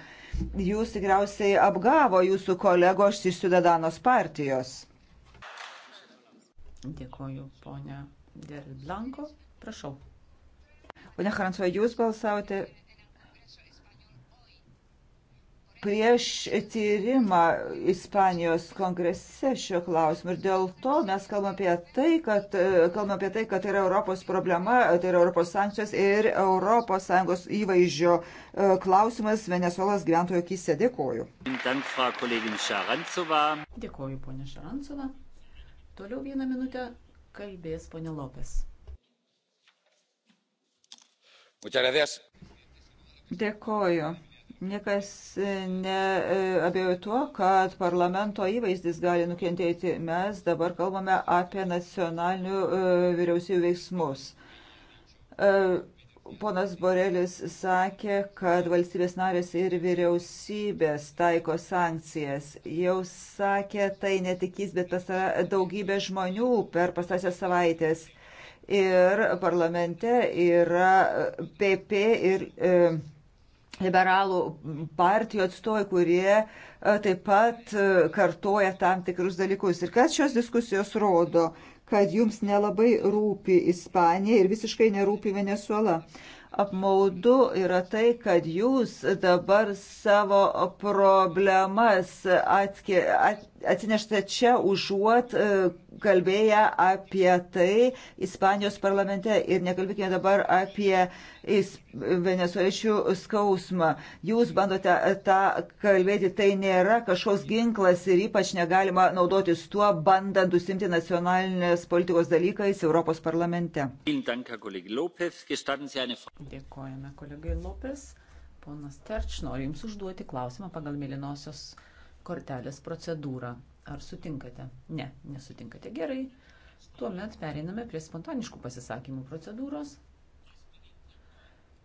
jūs tikriausiai apgavo jūsų kolegos iš Sudadanos partijos. Dėkoju, ponia Del Blanco. Prašau. Pone Harantsova, jūs balsavote prieš tyrimą Ispanijos kongrese šio klausimu. Ir dėl to mes kalbame apie tai, kad, kalbame apie tai, kad tai yra Europos problema, tai yra Europos sankcijos ir ES įvaizdžio e, klausimas Venezuelos gyventojų akise. Dėkoju. Dėkoju, ponė Šarancova. Toliau vieną minutę kalbės ponė Lopes. Dėkoju. Niekas e, neabejoja e, tuo, kad parlamento įvaizdis gali nukentėti. Mes dabar kalbame apie nacionalinių e, vyriausybių veiksmus. Ponas Borelis sakė, kad valstybės narės ir vyriausybės taiko sankcijas. Jau sakė, tai netikys, bet pasara, daugybė žmonių per pasasias savaitės. Ir parlamente yra PP ir. E, liberalų partijų atstovai, kurie e, taip pat e, kartoja tam tikrus dalykus. Ir kas šios diskusijos rodo, kad jums nelabai rūpi Ispanija ir visiškai nerūpi Venezuela. Apmaudu yra tai, kad jūs dabar savo problemas atsinešate čia užuot e, kalbėję apie tai Ispanijos parlamente ir nekalbėkime dabar apie venesueliečių skausmą. Jūs bandote tą kalbėti, tai nėra kažkoks ginklas ir ypač negalima naudotis tuo, bandant užsimti nacionalinės politikos dalykais Europos parlamente. Dėkojame kolegai Lopes. Ponas Terč nori Jums užduoti klausimą pagal Milinosios kortelės procedūrą. Ar sutinkate? Ne, nesutinkate. Gerai. Tuomet pereiname prie spontaniškų pasisakymų procedūros.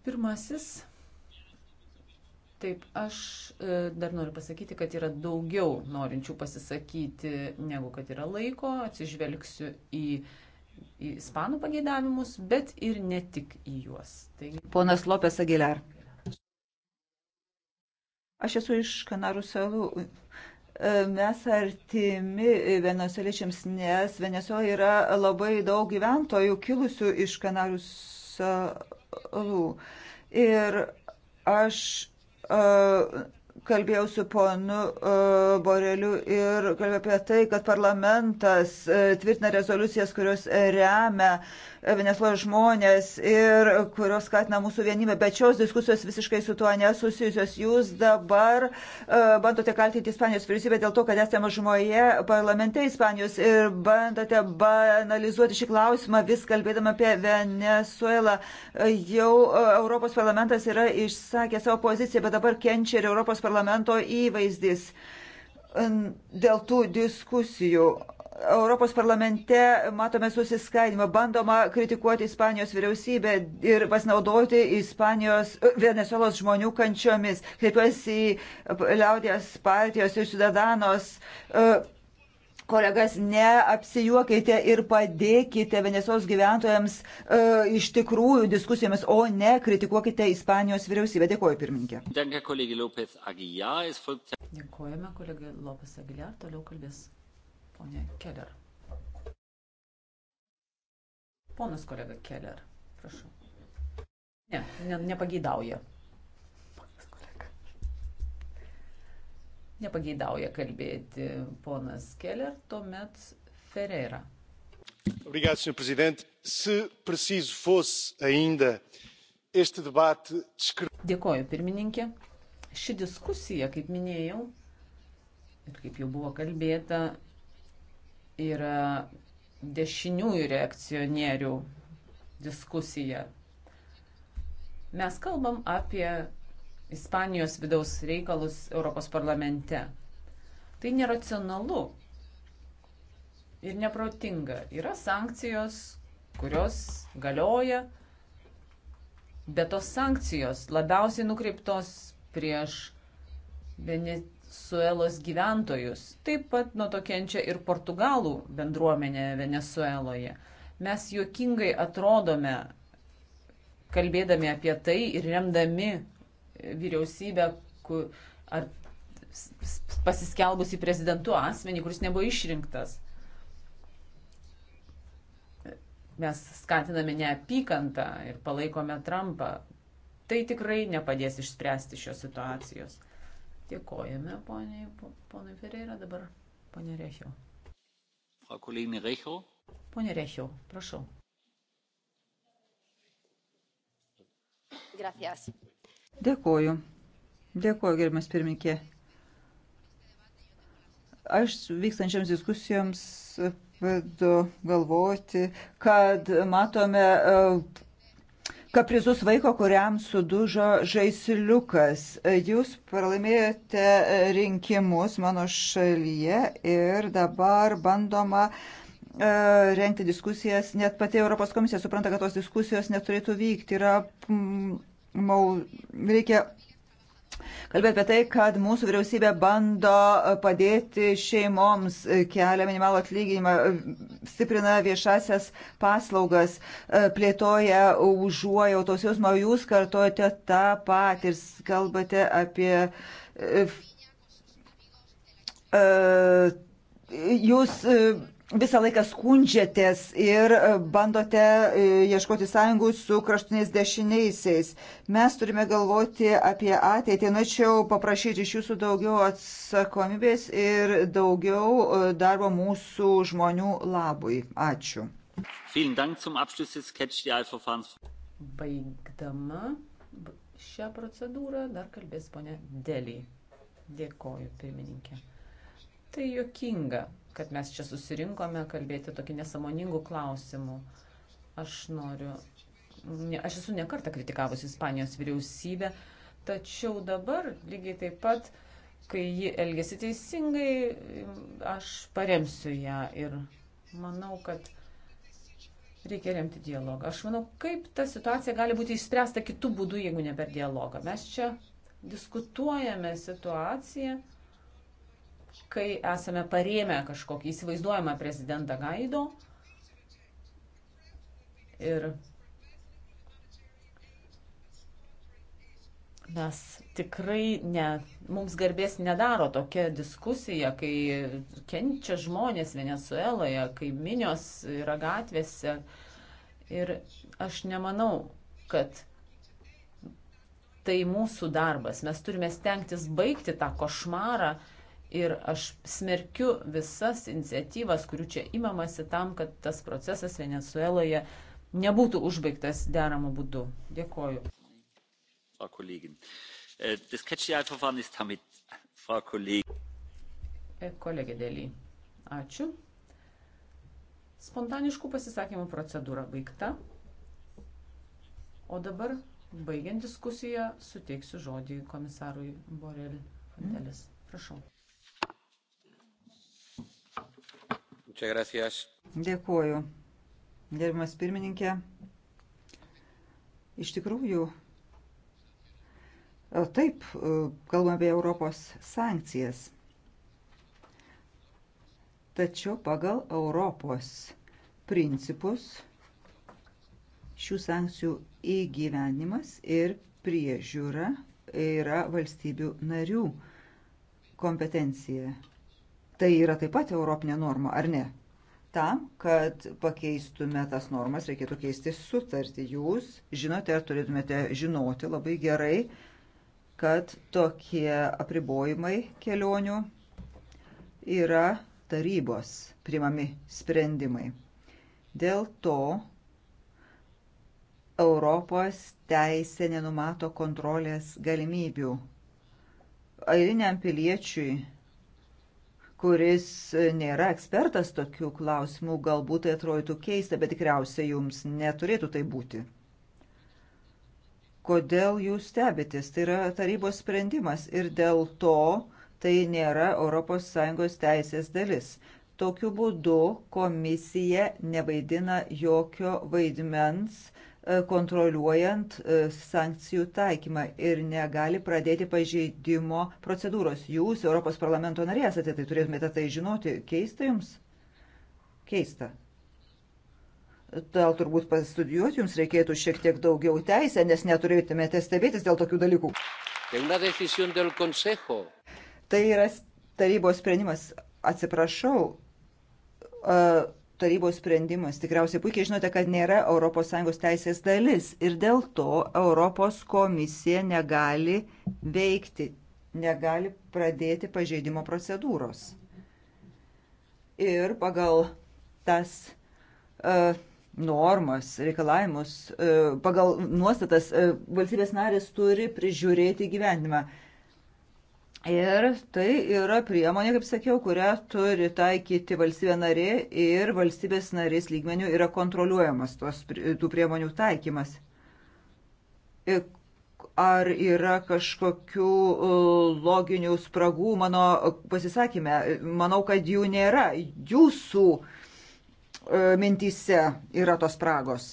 Pirmasis. Taip, aš e, dar noriu pasakyti, kad yra daugiau norinčių pasisakyti, negu kad yra laiko. Atsižvelgsiu į, į ispanų pageidavimus, bet ir ne tik į juos. Taigi... Ponas Lopes Agiliar. Aš esu iš Kanarų salų. E, mes artimi venesueliečiams, nes Venesuela yra labai daug gyventojų kilusių iš Kanarų salų. Ir aš uh, kalbėjau su ponu uh, Boreliu ir kalbėjau apie tai, kad parlamentas uh, tvirtina rezoliucijas, kurios remia uh, Venezuelos žmonės ir kurios skatina mūsų vienybę. Bet šios diskusijos visiškai su tuo nesusijusios. Jūs dabar e, bandote kaltinti Ispanijos vyriausybę dėl to, kad esate mažumoje parlamente Ispanijos ir bandote banalizuoti šį klausimą, vis kalbėdama apie Venezuelą. Jau e, Europos parlamentas yra išsakę savo poziciją, bet dabar kenčia ir Europos parlamento įvaizdis dėl tų diskusijų. Europos parlamente matome susiskaidimą, bandoma kritikuoti Ispanijos vyriausybę ir pasinaudoti Ispanijos, Venezuelos žmonių kančiomis. Kreipiuosi į liaudės partijos ir Sudadanos e, kolegas, neapsijuokite ir padėkite Venezuelos gyventojams e, iš tikrųjų diskusijomis, o ne kritikuokite Ispanijos vyriausybę. Dėkuoju, pirmininkė. Dėkojame, kolegai Lopes Aguilar. Toliau kalbės ponė Keller. Ponas kolega Keller, prašau. Ne, ne nepageidauja. Ponas kolega. Nepageidauja kalbėti ponas Keller, tuomet Ferreira. Obrigado, Sr. Presidente. Se preciso fosse ainda este debate Dėkoju, pirmininkė. Ši diskusija, kaip minėjau, ir kaip jau buvo kalbėta, yra dešiniųjų reakcionierių diskusija. Mes kalbam apie Ispanijos vidaus reikalus Europos parlamente. Tai neracionalu ir neprotinga. Yra sankcijos, kurios galioja, bet tos sankcijos labiausiai nukreiptos prieš Venecijos Venezuelos gyventojus. Taip pat nuo to kenčia ir portugalų bendruomenė Venezueloje. Mes juokingai atrodome, kalbėdami apie tai ir remdami vyriausybę ar pasiskelbusi prezidentu asmenį, kuris nebuvo išrinktas. Mes skatiname neapykantą ir palaikome Trumpą. Tai tikrai nepadės išspręsti šios situacijos. Dėkojame poniai, ponui Ferreira, dabar ponė Rechiau. Frau Kollegin Rechiau. Ponė Rechiau, prašau. Gracias. Dėkoju. Dėkoju, gerbimas pirmininkė. Aš vykstančiams diskusijoms vedu galvoti, kad matome kaprizus vaiko, kuriam sudužo žaisliukas. Jūs pralaimėjote rinkimus mano šalyje ir dabar bandoma e, rengti diskusijas. Net pati Europos komisija supranta, kad tos diskusijos neturėtų vykti. Yra, mau, reikia kalbėjo apie tai, kad mūsų vyriausybė bando e, padėti šeimoms, e, kelia minimalų atlyginimą, e, stiprina viešasias paslaugas, plėtoja užuojautos jausmą, jūs kartojate tą patį ir kalbate apie jūs visą laiką skundžiatės ir e, bandote e, ieškoti sąjungų su kraštiniais dešiniaisiais. Mes turime galvoti apie ateitį. Norėčiau paprašyti iš jūsų daugiau atsakomybės ir daugiau e, darbo mūsų žmonių labui. Ačiū. Baigdama šią procedūrą dar kalbės ponė Deli. Dėkoju, pirmininkė. Tai jokinga, kad mes čia susirinkome kalbėti tokį nesamoningų klausimų. Aš noriu. Aš esu nekartą kritikavusi Ispanijos vyriausybę, tačiau dabar lygiai taip pat, kai ji elgesi teisingai, aš paremsiu ją ir manau, kad reikia remti dialogą. Aš manau, kaip ta situacija gali būti išspręsta kitų būdų, jeigu ne per dialogą. Mes čia diskutuojame situaciją kai esame parėmę kažkokį įsivaizduojamą prezidentą Gaido ir mes tikrai ne, mums garbės nedaro tokia diskusija, kai kenčia žmonės Venezueloje, kai minios yra gatvėse. Ir aš nemanau, kad tai mūsų darbas. Mes turime stengtis baigti tą košmarą Ir aš smerkiu visas iniciatyvas, kurių čia imamasi tam, kad tas procesas Venezueloje nebūtų užbaigtas deramų būdų. Dėkoju. Frau Kollegin. Äh, das Catch-the-Eye-Verfahren ist damit. Frau Kollegin. Äh, Kolegė Dėly. Ačiū. Spontaniškų pasisakymų procedūra baigta. O dabar, baigiant diskusiją, suteiksiu žodį komisarui Borel Vandelis. Prašau. Dėkuoju. Gerbimas pirmininkė, iš tikrųjų, e, taip, e, kalbame apie Europos sankcijas. Tačiau pagal Europos principus šių sankcijų įgyvenimas ir priežiūra yra valstybių narių kompetencija tai yra taip pat europinė norma, ar ne? Tam, kad pakeistume tas normas, reikėtų keisti sutartį. Jūs žinote ir turėtumėte žinoti labai gerai, kad tokie apribojimai kelionių yra tarybos primami sprendimai. Dėl to Europos teisė nenumato kontrolės galimybių. Airiniam piliečiui kuris e, nėra ekspertas tokių klausimų, galbūt tai atrodytų keista, bet tikriausiai jums neturėtų tai būti. Kodėl jūs stebitės? Tai yra tarybos sprendimas ir dėl to tai nėra ES teisės dalis. Tokiu būdu komisija nevaidina jokio vaidmens uh, E, kontroliuojant e, sankcijų taikymą ir negali pradėti pažeidimo procedūros. Jūs, Europos parlamento narė, esate, tai turėtumėte tai žinoti. Keista jums? Keista. Dėl turbūt pastudijuoti jums reikėtų šiek tiek daugiau teisę, nes neturėtumėte stebėtis dėl tokių dalykų. Tai yra tarybos sprendimas. Atsiprašau, uh, tarybos sprendimas. Tikriausiai puikiai žinote, kad nėra ES teisės dalis ir dėl to Europos komisija negali veikti, negali pradėti pažeidimo procedūros. Ir pagal tas uh, normas, reikalavimus, uh, pagal nuostatas uh, valstybės narės turi prižiūrėti gyvenimą. Uh, Ir tai yra priemonė, kaip sakiau, kurią turi taikyti valstybė narė ir valstybės narės lygmenių yra kontroliuojamas tos, tų priemonių taikymas. Ar yra kažkokių e, loginių spragų mano pasisakymė? Manau, kad jų nėra. Jūsų e, mintyse yra tos spragos.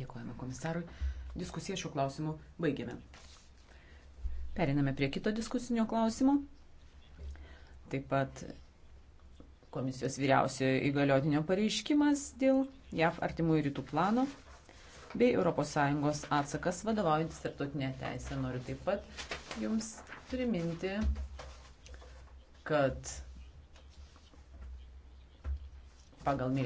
Dėkojame komisarui. Diskusiją šiuo klausimu baigėme. Periname prie kito diskusinio klausimo. Taip pat komisijos vyriausiojo įgaliotinio pareiškimas dėl JAV artimųjų rytų plano bei ES atsakas vadovaujantis tarptautinė teisė. Noriu taip pat jums priminti, kad pagal mirį